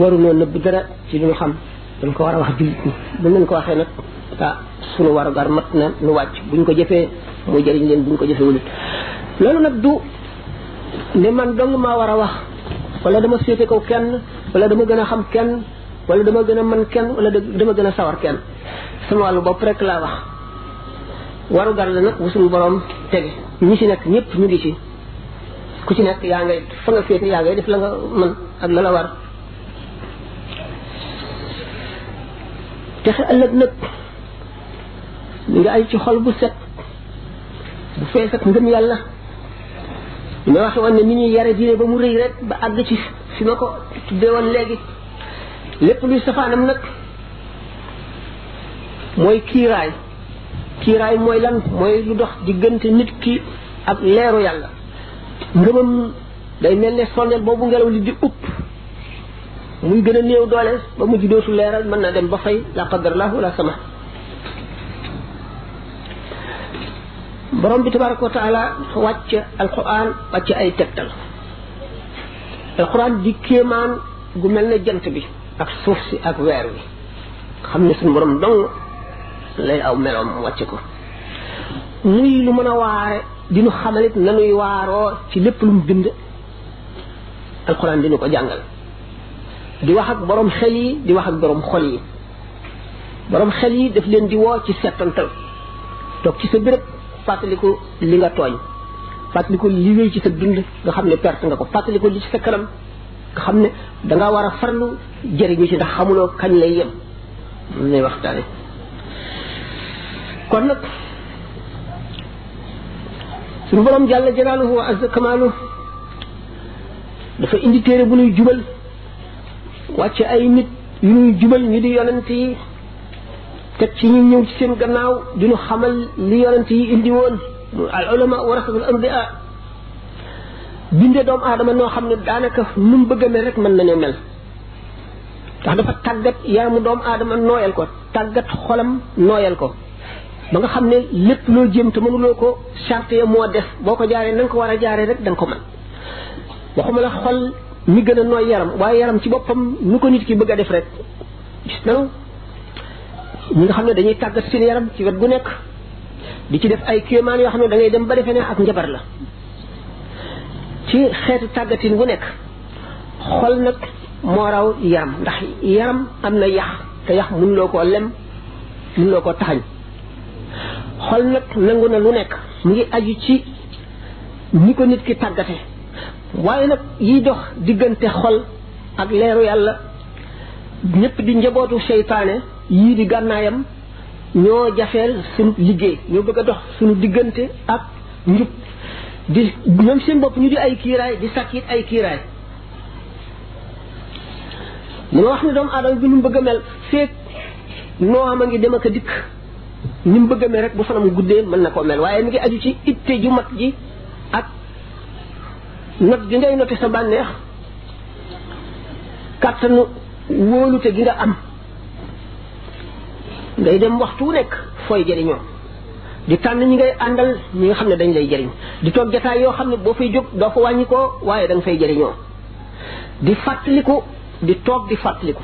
waruñoo nëbb dara ci lu ñu xam dañ ko war a wax jullit ñi bu ñu ko waxee nag ta sunu gar mat na lu wacc buñ ko jëfee mu jëriñ leen buñ ko wul lolu nak du ne man dong ma wara wax wala dama sété ko kenn wala dama gëna xam kenn wala dama gëna man kenn wala dama gëna sawar kenn sama walu bop rek la wax gar la nak bu suñu borom tege ñi ci nak ñepp ñu ngi ci ku ci nekk ya nga fa nga féete ya nga def la nga man ak la la war mi ngi ay ci xol bu set bu fees ak ngëm yàlla ñu waxe woon ne ni ñuy yare diine ba mu rëy rek ba àgg ci fi ma ko tuddee woon léegi lépp luy safaanam nag mooy kiiraay kiiraay mooy lan mooy lu dox diggante nit ki ak leeru yàlla ngëmam day mel ne sondeel boobu ngelaw li di upp muy gën a néew doole ba mujj dootu leeral mën na dem ba fay la qadar lahu la sama borom bi tabaraka wa taala dafa wàcc alquran wàcc ay tegtal alquran di kéemaan gu mel ne jant bi ak suuf si ak weer wi xam ne borom dong lay aw meloom wàcc ko muy lu mën a waare di nu xamalit nanuy waaroo ci lépp lu bind alquran di ko jàngal di wax ak borom xel yi di wax ak borom xol yi borom xel yi daf leen di woo ci settantal toog ci sa béréb fàttaliku li nga tooñ fàttaliku li wéy ci sa dund nga xam ne perte nga ko fàttaliku li ci sa kanam nga xam ne danga war a farlu jëriñu ci ndax xamuloo kañ lay yem mun lay waxtaane kon nag suñu borom jàll jalaaluhu wa azza dafa indi téere bu ñuy jubal wàcce ay nit yu ñuy jubal ñi di yonent teg ci ñu ñëw ci seen gannaaw di xamal li yonent yi indi woon al ulama warasatul anbiya bindee doomu aadama noo xam ne daanaka nu mu bëgg a mel rek mën nañoo mel ndax dafa tàggat yaramu doomu aadama nooyal ko tàggat xolam nooyal ko ba nga xam ne lépp loo jëm te mënuloo ko charte ya moo def boo ko jaaree na ko war a jaaree rek da ko mën waxuma la xol mi gën a nooy yaram waaye yaram ci boppam nu ko nit ki bëgg a def rek ñi nga xam ne dañuy tàggat seen yaram ci wet gu nekk di ci def ay kéemaan yoo xam ne da dem ba defe ne ak njabar la ci xeetu tàggatin bu nekk xol nag moo raw yaram ndax yaram am na yax te yax mun loo koo lem mun loo koo taxañ xol nag nangu na lu nekk mu ngi aju ci ni ko nit ki tàggate waaye nag yiy dox diggante xol ak leeru yàlla ñëpp di njabootu seytaane yi di gannaayam ñoo jafeel sunu liggéey ñoo bëgg a dox sunu diggante ak njub di ñoom seen bopp ñu di ay kiiraay di sàkkit ay kiiraay mu wax ni doom aadama bi ñu bëgg a mel noo ma ngi dem ak a dikk bëgg mel rek bu fanam guddee mën na koo mel waaye mi ngi aju ci itte ju mat ji ak not gi ngay noté sa bànneex kàttanu wóolute gi nga am ngay dem waxtu wu nekk fooy jëriñoo di tan nañu ngay àndal ñi xam ne dañ lay jëriñ di toog jataay yoo xam ne boo fay jóg doo ko wàññi koo waaye da nga fay jëriñoo di fàttaliku di toog di fàttaliku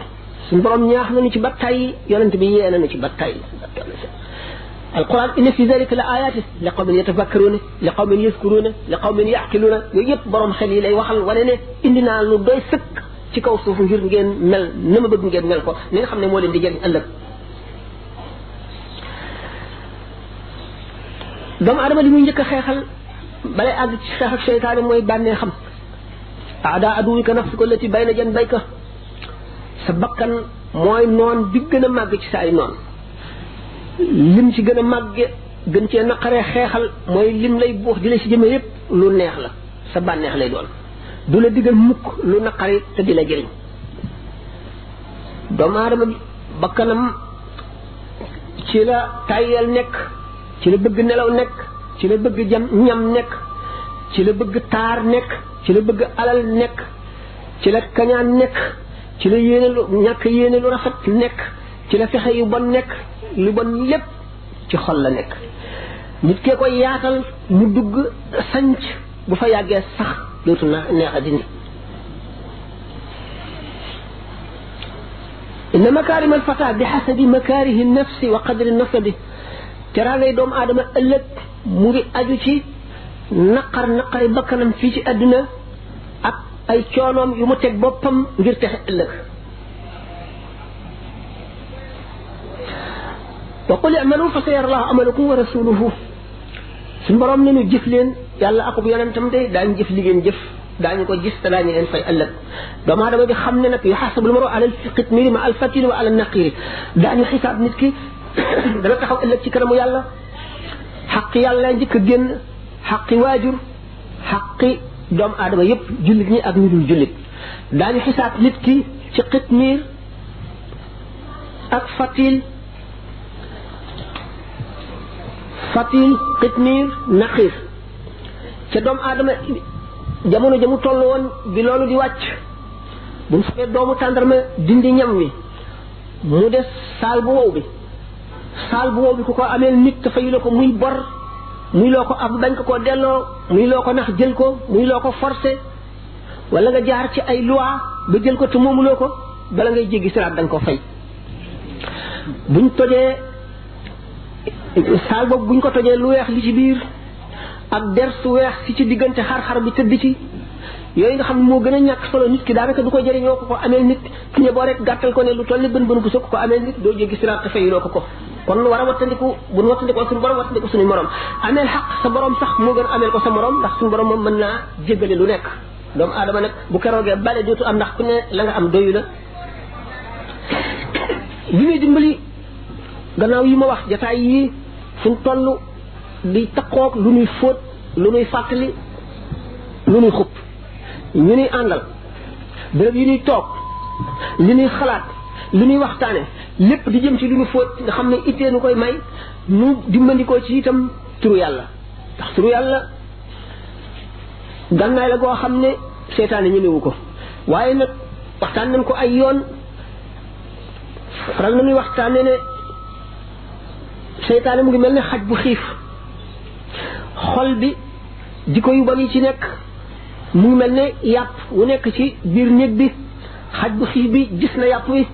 suñu borom ñaax nañu ci battaay yi yonent bi yee nañu ci battaay yi alquran inna fi zalika la ayaati li qawmin yatafakkaruuna li qawmin ne li qawmin yaqiluuna yooyu yëpp borom xel yi lay waxal wane ne indi naa lu doy sëkk ci kaw suuf ngir ngeen mel na ma bëgg ngeen mel ko li nga xam ne moo leen di jëriñ ëllëg doomu adama li muy njëkk a xeexal balay àgg ci xeex ak seytaane mooy bànnee xam aada aduwika na lati bayna janbayka sa bakkan mooy noon bi gën a màgg ci sa ay noon lim ci gën a màgge gën cee naqaree xeexal mooy lim lay buux di la si jëme yépp lu neex la sa bànneex lay doon du la digal mukk lu naqari te di la jëriñ doomu aadama bakkanam ci la tàyyeel nekk ci la bëgg nelaw nekk ci la bëgg jam ñam nekk ci la bëgg taar nekk ci la bëgg alal nekk ci la kañaan nekk ci la yéene lu ñàkk yéene lu rafet nekk ci la fexe yu bon nekk lu bon lépp ci xol la nekk nit kee koy yaatal mu dugg sanc bu fa yàggee sax dootu na neex a dindi إن مكارم الفتاة بحسب مكاره النفس وقدر النفس teraangay doomu aadama ëllëg mu ngi aju ci naqar naqari bakkanam fii ci àdduna ak ay coonoom yu mu teg boppam ngir texe ëllëg wa qul i'malu fa sayara allahu amalakum wa rasuluhu suñ borom ne ñu jëf leen yàlla akub yonentam day daañu jëf li ngeen jëf daañu ko gis te daañu leen fay ëllëg doomu aadama bi xam ne nag yu xasabul maro alal fiqit miri ma alfatiri wa alal naqiri daañu xisaab nit ki dana taxaw ëllëg ci kanamu yàlla xaqi yàlla njëkk génn xaqi waajur xaqi doomu aadama yépp jullit ñi ak ñu jullit daañu xisaat nit ki ci xit xitmiir ak fatil fatil xit xitmiir naqiir ca doomu aadama jamono jamu toll woon bi loolu di wàcc bu mu fabee doomu tàndarma dindi ñam wi mu des saal bu wow bi saal boobu ku ko amee nit te fayu la ko muy bor muy loo ko am bañ ko koo delloo muy loo ko nax jël ko muy loo ko forcé wala nga jaar ci ay loi ba jël ko te moomuloo ko bala ngay jéggi siraat danga ko fay buñ tojee saal boobu buñ ko tojee lu weex li ci biir ak der su weex si ci diggante xar-xar bi tëdd ci yooyu nga xam moo gën a ñàkk solo nit ki daanaka du ko jëriñoo ko ko ameel nit ki ne boo rek gàttal ko ne lu toll bën bën bu sëkk ko ameel nit doo jéggi siraat te fayiloo ko ko kon war a wattandiku bu nu wattandikoo suñu borom wattandiku suñu morom ameel xaq sa borom sax moo gën ameel ko sa morom ndax suñu borom moom mën naa jégale lu nekk doomu aadama nag bu keroogee bale dootu am ndax ku ne la nga am doyu la li ngay dimbali gannaaw yi ma wax jataay yi suñ toll di taqoog lu nuy fóot lu nuy fàttali lu nuy xupp ñu nuy àndal béréb yi nuy toog li nuy xalaat lu nuy waxtaane lépp di jëm ci lu ñu fóot nga xam ne ittee nu koy may nu dimbandikoo ci itam turu yàlla ndax turu yàlla gànnaay la goo xam ne seetaane ñemewu ko waaye nag waxtaan nañ ko ay yoon faral nañuy waxtaane ne seytaane mu ngi mel ne xaj bu xiif xol bi jikko yu bon yi ci nekk mu ngi mel ne yàpp wu nekk ci biir néeg bi xaj bu xiif bi gis na yàpp wi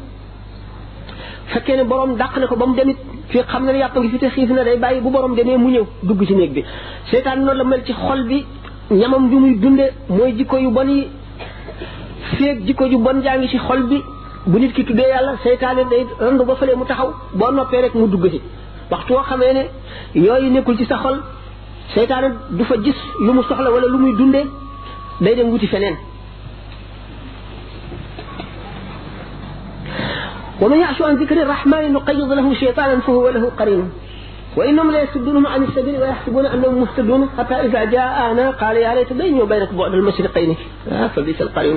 fekkee ne borom dàq ne ko ba mu demit fii xam na ne yàpp ngi fi te xiif na day bàyyi bu borom demee mu ñëw dugg ci néeg bi seytaan noonu la mel ci xol bi ñamam bi muy dunde mooy jikko yu bon yi féeg jikko ju bon jaa ngi ci xol bi bu nit ki tuddee yàlla seytaane day randu ba fële mu taxaw boo noppee rek mu dugg ci waxtu woo xamee ne yooyu nekkul ci sa xol seytaane du fa gis mu soxla wala lu muy dundee day dem wuti feneen ومن يعش عن ذكر الرحمن نقيض له شيطانا فهو له قرين وإنهم لا يسدونهم عن السبيل ويحسبون أنهم مهتدون حتى إذا جاءنا قال يا ليت بيني وبينك بعد المشرقين آه، فبئس القرين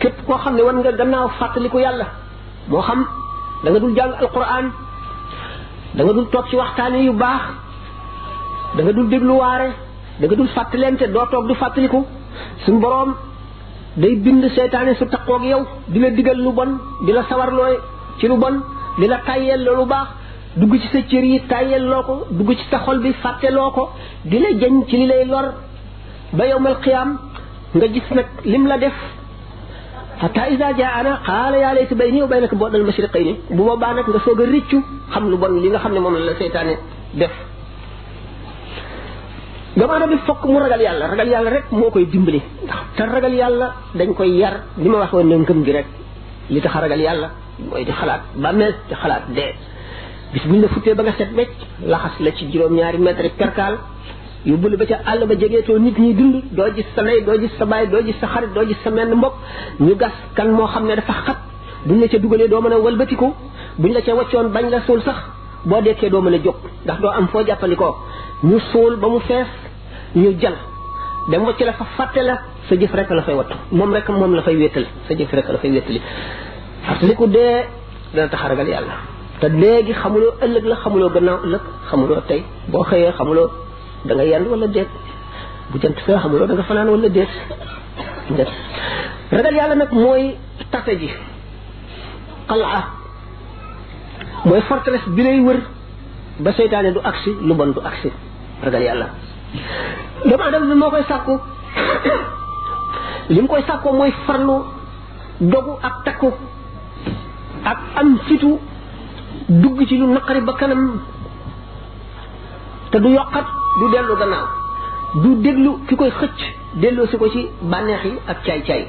كيف كو خامني وان nga gannaaw fataliku yalla mo xam da nga dul jang alquran da nga dul tok ci waxtane yu bax da nga dul deglu waré da nga dul doo toog du fàttaliku suñu boroom day bind seytaane su taqoog yow di la digal lu bon di la sawarlooy ci lu bon di la tàyyeel lu baax dugg ci sa cër yi tàyyeel loo ko dugg ci sa xol bi fàtteloo ko di la jañ ci li lay lor ba yowmal qiyaam nga gis nag lim la def xataa isa jaa ana xaala yaa layta baynii wa baynaka bu'dal mashriqayni bu boobaa nag nga soog a rëccu xam lu bon li nga xam ne moom la la seytaane def jamaano bi fokk mu ragal yàlla ragal yàlla rek moo koy dimbali ndax te yàlla dañ koy yar li ma wax woon ne ngëm gi rek li tax a ragal yàlla mooy di xalaat bàmmeel di xalaat de bis buñ la futtee ba nga set becc laxas la ci juróom-ñaari mètre perkaal yóbbu la ba ca àll ba jegeetoo nit ñi dund doo gis sa ndey doo gis sa baay doo gis sa xarit doo gis sa menn mbokk ñu gas kan moo xam ne dafa xat buñ la ca dugalee doo mën a walbatiku buñ la ca waccoon bañ la suul sax boo dekkee doo mën a jóg ndax doo am foo jàppandikoo ñu suul ba mu fees ñu jal dem wacc la fa fàtte la sa jëf rek la fay wattu moom rek moom la fay wéttali sa jëf rek la fay wéttali fàttaliku dee dana tax a ragal yàlla te dee gi xamuloo ëllëg la xamuloo gannaaw ëllëg xamuloo tey boo xëyee xamuloo da nga yendu wala déet bu jant fee xamuloo da nga fanaan wala déet ragal yàlla nag mooy tate ji xalaa mooy forteresse bi lay wër ba seytaane du agsi lu bon du agsi ragal yàlla doomu adama bi moo koy sàkku lim koy sàkkoo mooy farlu dogu ak takku ak am fitu dugg ci lu naqari ba kanam te du yokkat du dellu gannaaw du déglu ki koy xëcc delloo si ko ci bànneex yi ak caay caay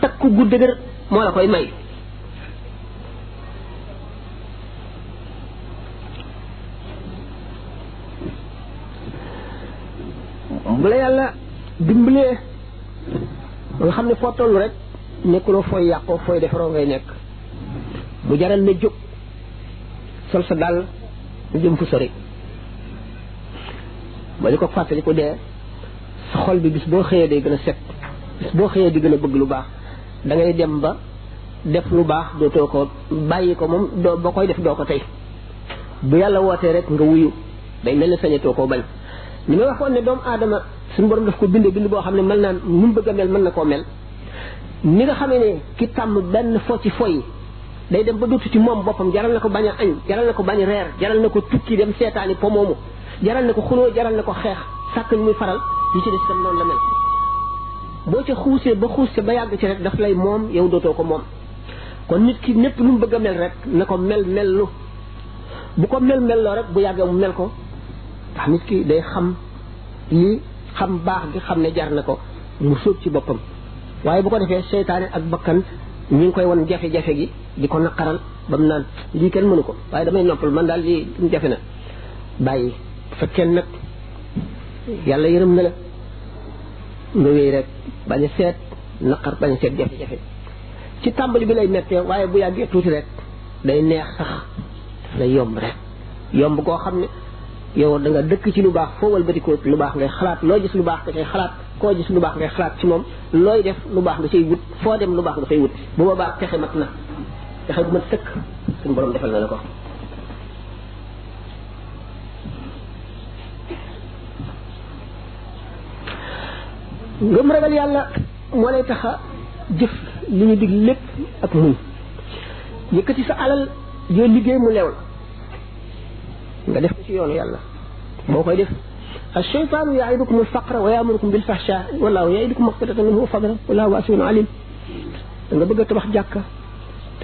takku gu dëgër moo la koy may bu la yàlla dimbalee nga xam ne foo toll rek nekkuloo fooy yàqoo fooy defaroo ngay nekk bu jaral na jóg sol sa dal ñu jëm fu sori ba di ko fàttali ko dee sa xol bi bis boo xëyee day gën a set bis boo xëyee di gën a bëgg lu baax da ngay dem ba def lu baax dootoo ko bàyyi ko moom doo ba koy def doo ko tey bu yàlla wootee rek nga wuyu day mel ne sañatoo koo bañ li may waxoon ne doomu aadama suñu borom daf ko binde bind boo xam ne mel naa nu mu bëgg a mel na koo mel ni nga xamee ne ki tàmm benn fo ci foy day dem ba dootu ci moom boppam jaral ko bañ a añ jaral ko bañ a reer na ko tukki dem seetaani po moomu jaral ko xuloo jaral na ko xeex muy faral ci des itam la mel boo ca xuusee ba xuus ca ba yàgg ci rek daf lay moom yow dootoo ko moom kon nit ki népp lu bëgg a mel rek na ko mel mel lu bu ko mel mel loo rek bu yàggee mu mel ko ndax nit ki day xam li xam baax gi xam ne jar na ko mu suub ci boppam waaye bu ko defee seytaane ak bakkan ñu ngi koy wan jafe-jafe gi di ko naqaral ba mu naan lii kenn mënu ko waaye damay noppal man daal lii mu jafe na bàyyi fekkee nag yàlla yërëm na la nga wéy rek bañ seet naqar bañ seet jafe-jafe ci tàmbali bi lay mettee waaye bu yàggee tuuti rek day neex sax daf yomb rek yomb koo xam ne yow da dëkk ci lu baax foo walbatikoo lu baax ngay xalaat loo gis lu baax nga xalaat koo gis lu baax ngay xalaat ci moom looy def lu baax nga cay wut foo dem lu baax nga fay wut bu boobaa pexe mat na pexe bu mat sëkk suñu borom ragal yàlla moo lay taxa jëf li ñu dig lépp ak muñ yëkkati sa alal yoo liggéey mu leew nga def ci yoonu yàlla moo koy def الشيطان يعيدكم الفقر ويامركم بالفحشاء والله يعيدكم مغفرة منه وفضلا والله واسع عليم دا بغا تبخ جاكا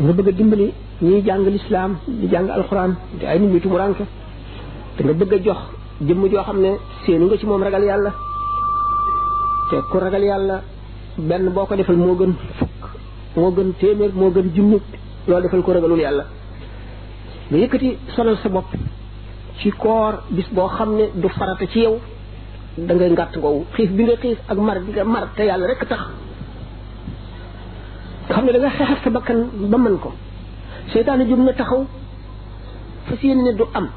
دا بغا ديمبلي ني جانغ الاسلام دي جانغ القران دي اي نيتو مرانك دا بغا جوخ جيم جو خامني سينوغا سي موم رغال يالا تي كو رغال يالا بن بوكو ديفال مو گن فك مو گن تيمر مو گن جيم نيت لو ديفال كو رغالول يالا ليكتي سولو سا بوب ci koor bis boo xam ne du farata ci yow da ngay ngàtt ngoowu xiif bi nga xiif ak mar bi nga mar te yàlla rek tax xam ne da nga xeex sa bakkan ba mën ko seytaane jub na taxaw fas yéene ne du am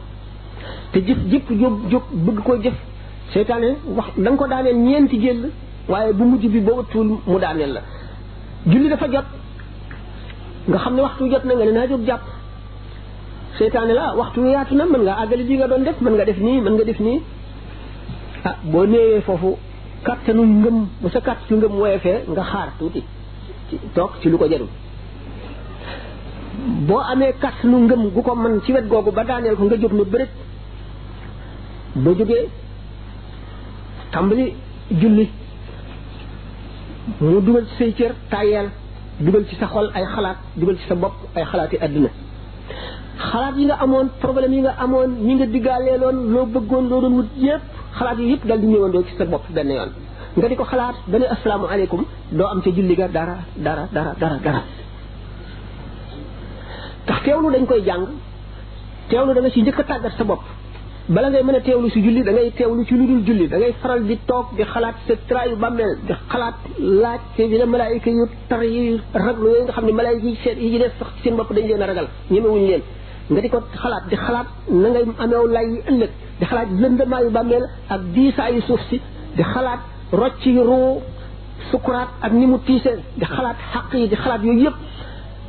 te jëf jëpp jóg jóg bëgg koo jëf seytaane wax da ko daaneel ñeenti jël waaye bu mujj bi boo wattuwul mu daaneel la julli dafa jot nga xam ne waxtu jot na nga ne naa jóg jàpp seytaane la waxtu wi yaatu na mën nga àggali ji nga doon def mën nga def nii mën nga def nii ah boo néewee foofu kàttanu ngëm bu sa kàttanu ngëm woyefee nga xaar tuuti ci toog ci lu ko jarul boo amee kàttanu ngëm gu ko man ci wet googu ba daaneel ko nga jóg ne bërét ba jógee tàmbali julli mu dugal ci say cër tàyyeel dugal ci sa xol ay xalaat dugal ci sa bopp ay xalaati àdduna xalaat yi nga amoon problème yi nga amoon ñi nga diggaaleeloon loo bëggoon loo doon wut yépp xalaat yi yépp dal di ñëwandoo ci sa bopp benn yoon nga di ko xalaat ba ne asalaamaaleykum doo am ca julli ga dara dara dara dara dara tax teewlu dañ koy jàng teew da nga ci njëkk a tàggat sa bopp bala ngay mën a teewlu si julli da ngay teewlu ci lu dul julli da ngay faral di toog di xalaat sa yu bàmmeel di xalaat laaj te dina malaayika yu tar yi raglu yooyu nga xam ne malaayika yi seet yi sax seen dañ leen ragal ñemewuñ nga di ko xalaat di xalaat na ngay ameew lay yi ëllëg di xalaat lëndamaayu bàmmeel ak diisaayu suuf si di xalaat rocc yi ruu sukuraat ak ni mu tiisee di xalaat xaq yi di xalaat yooyu yëpp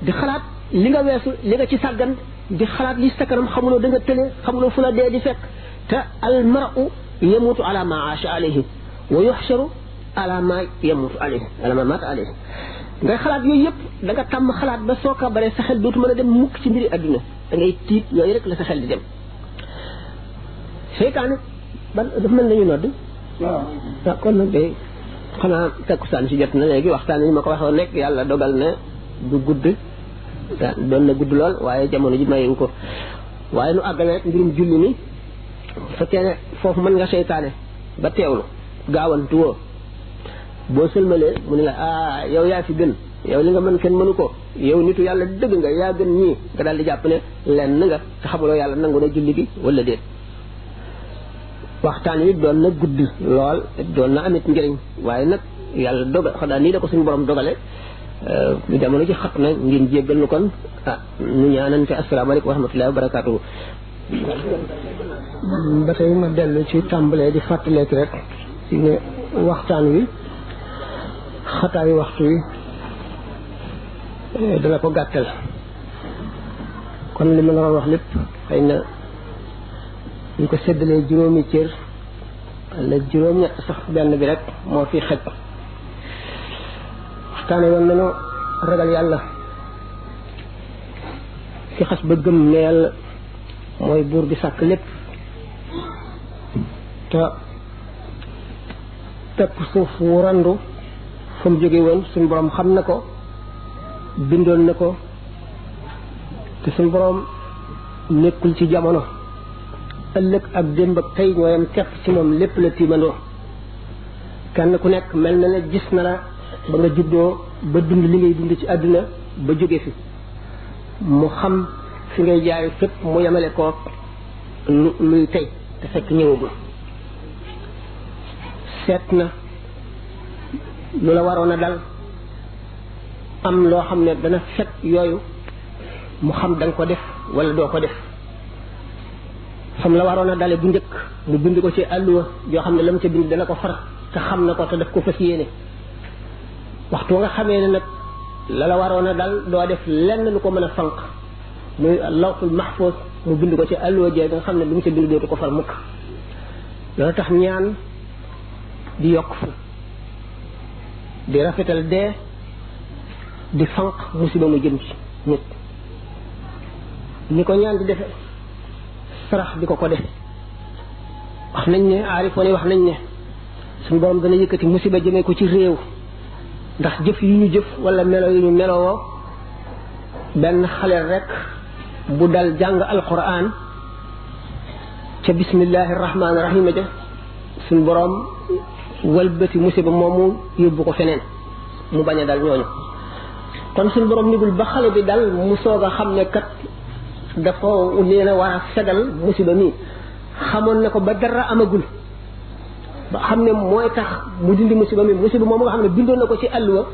di xalaat li nga weesu li nga ci sàggan di xalaat li sa kanam xamuloo da nga tële xamuloo fu la dee di fekk te al mar'u yamutu ala ma aasha alayhi wa yuxsharu ala ma yamutu alayhi ala ma maata alayhi ngay xalaat yooyu yëpp da nga tàmm xalaat ba soo ko baree sa xel dootu mën a dem mukk ci mbiri adduna da ngay tiit yooyu rek la sa xel di dem seytaane ban dafa mel nañu nodd ah, kon nag day xanaa takkusaan si jot na léegi waxtaan yi ma ko waxoon nekk yàlla dogal na du gudd ah, doon na gudd lool waaye jamono ji mayewu ko waaye nu àggale rek mbirum julli mi foofu mën nga seytaane ba teewlu gaawantu woo boo sëlmalee mu ne la ah yow yaa fi gën yow li nga mën kenn mënu ko yow nitu yàlla dëgg nga yaa gën ñii nga daal di jàpp ne lenn nga te xamuloo yàlla nangu na julli gi wala déet. waxtaan wi doon na guddi lool doon na amit njëriñ waaye nag yàlla dogal xanaa nii da ko suñu borom dogale lu euh, jamono ji xaq na ngeen jéggal nu kon ah nu ñaanante asalaamaaleykum wa rahmatullahi wa barakaatu. ba tey ma dellu ci tàmbalee di fàttaleek rek ci ne waxtaan wi. xataayu waxtu wi eh, dana ko gàttal kon li ma naroon wax lépp xëy na ñu ko séddalee juróomi cër wala juróom-ñett sax benn bi rek moo fi xëj waxtaane woon nañu ragal yàlla ci xas ba gëm ne mooy buur bi sàkk lépp te tepp suuf wu randu fa mu jóge suñ suñu borom xam na ko bindoon na ko te suñu borom nekkul ci jamono ëllëg ak démb ak tey ñooyam tepp ci moom lépp la tiimandoo kenn ku nekk mel na ne gis na la ba nga juddoo ba dund li ngay dund ci àdduna ba jóge fi mu xam fi ngay jaari fépp mu yemale koo lu luy tey te fekk ñëwagul seet na lu la waroon a dal am loo xam ne dana fekk yooyu mu xam da nga ko def wala doo ko def xam la waroon a dale bu njëkk mu bind ko si àlluwa yoo xam ne la mu bind dana ko far te xam na ko te daf ko yéene waxtu nga xamee ne nag la waroon a dal doo def lenn lu ko mën a fanq muy lawxul mahfuz mu ko ci àlluwa jee nga xam ne lu mu ca bind dootu ko far mukk loolu tax ñaan di yokk fu di rafetal de di sank musiba mu jëm ci nit ni ko ñaan di defe sarax di ko ko def wax nañ ne arif yi wax nañ ne suñu borom dana yëkëti musiba jëme ko ci réew ndax jëf yi ñu jëf wala melo yi ñu melowoo benn xale rek bu dal jàng alquran ca bismillahi rahmaani rahim ja suñ borom walbati musiba moomu yóbbu ko feneen mu bañ a dal ñooñu kon suñ borom nigul ba xale bi dal mu soog a xam ne kat dafa leen a war a fegal musiba mii xamoon na ko ba dara amagul ba xam ne mooy tax mu dindi musiba mi musiba moom nga xam ne bindoon na ko ci àlluwa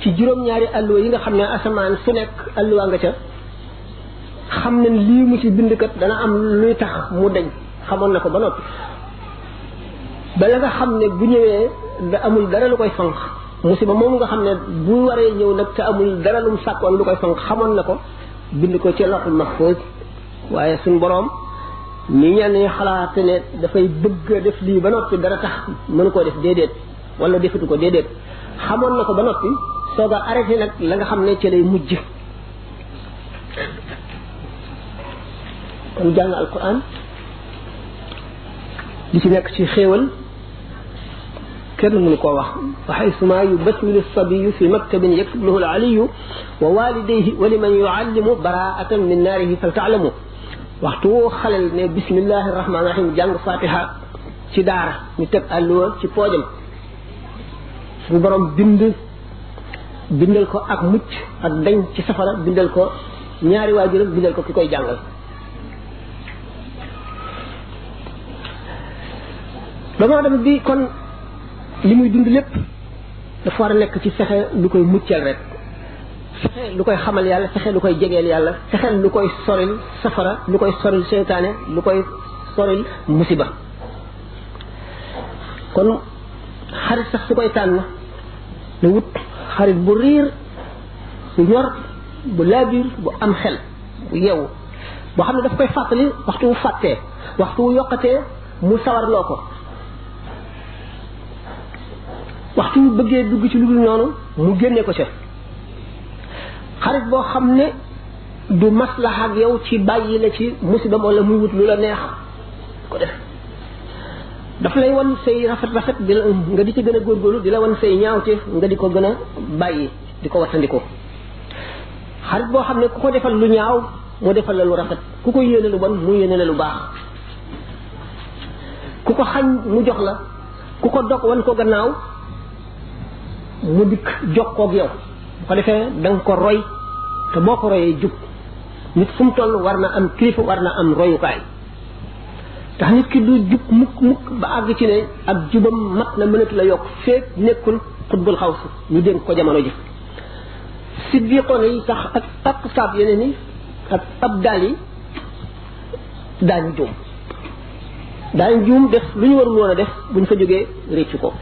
ci juróom-ñaari àlluwa yi nga xam ne asamaan su nekk àlluwa nga ca xam ne lii mu ci bind kat dana am luy tax mu deñ xamoon na ko ba noppi ba nga xam ne bu ñëwee da amul dara lu koy fanq musiba moom nga xam ne bu waree ñëw nag te amul dara lu sàkkoon lu koy fanq xamoon na ko bind ko ci loxul mahfuz waaye suñ boroom ni ñenn ñi ne dafay bëgg a def lii ba noppi dara tax mënu koo def déedéet wala defatu ko déedéet xamoon na ko ba noppi soog a arrêté nag la nga xam ne ci lay mujj kon jàng alquran li ci nekk ci xéewal كن من قواه فحيث ما يبث للصبي في مكتب يكتبه العلي ووالديه ولمن يعلم براءة من ناره فلتعلموا وقتو خلل بسم الله الرحمن الرحيم جان فاتحة في دار نتك ألوى في فوجم سنبرم بند بندلكو أك مج أك دين في سفر بندلكو نياري واجر بندلكو كيكو جانغل بما دم دي كون limuy dund lépp dafa war nek ci fexe lu koy muccel rek fexe lu koy xamal yàlla fexe lu koy jégel yàlla fexe lu koy soril safara lu koy soril seytaane lu koy soril musiba kon xarit sax su koy tànn na wut xarit bu rir bu yor bu labir bu am xel bu yew bo xamne ne daf koy fàttali waxtu wu waxtu yokate mu sawar loko waxtu yu bëggee dugg ci lu dul noonu mu génne ko ca xarit boo xam ne du maslaha ak yow ci bàyyi la ci musibam wala muy wut lu la neex ko def daf lay wan say rafet rafet di la nga di ci gën a góorgóorlu di la wan ñaaw ñaawteef nga di ko gën a bàyyi di ko watandikoo xarit boo xam ne ku ko defal lu ñaaw mu defal la lu rafet ku ko yéene lu bon mu yéene la lu baax ku ko xañ mu jox la ku ko dog wan ko gannaaw mu dikk jokkoog yow bu ko defee da ko roy te boo ko royee jub nit fu toll war na am kilifa war na am royukaay tax nit ki du jub mukk mukk ba àgg ci ne ak jubam mat na mënatu la yokk féet nekkul xutbul xaw si ñu dénk ko jamono ji siddiqoon yi tax ak ak saab yeneen yi ak ab daal yi daañu juum daañu juum def lu ñu warul woon a def bu ñu fa jógee réccu ko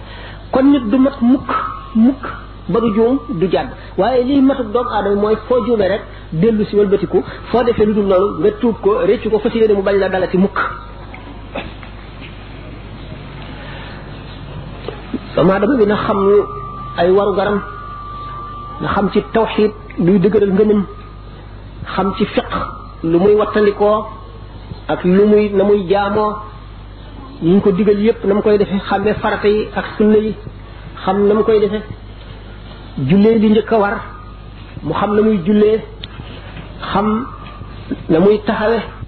kon nit du mat mukk mukk ba du juum du jàdd waaye liy matuk doomu aadama mooy foo juumee rek dellu si wëlbatiku foo defee lu dul loolu nga tuub ko réccu ko fas yéene mu bañ la dalati mukk doomu aadama bi na xam ay waru garam na xam ci tawxiid luy dëgëral ngëmam xam ci fiq lu muy wattandikoo ak lu muy na muy jaamoo ñu ko digal yépp na mu koy defee xàmmee farata yi ak sunna yi xam na mu koy defe jullee bi njëkk a war mu xam na muy jullee xam na muy taxawe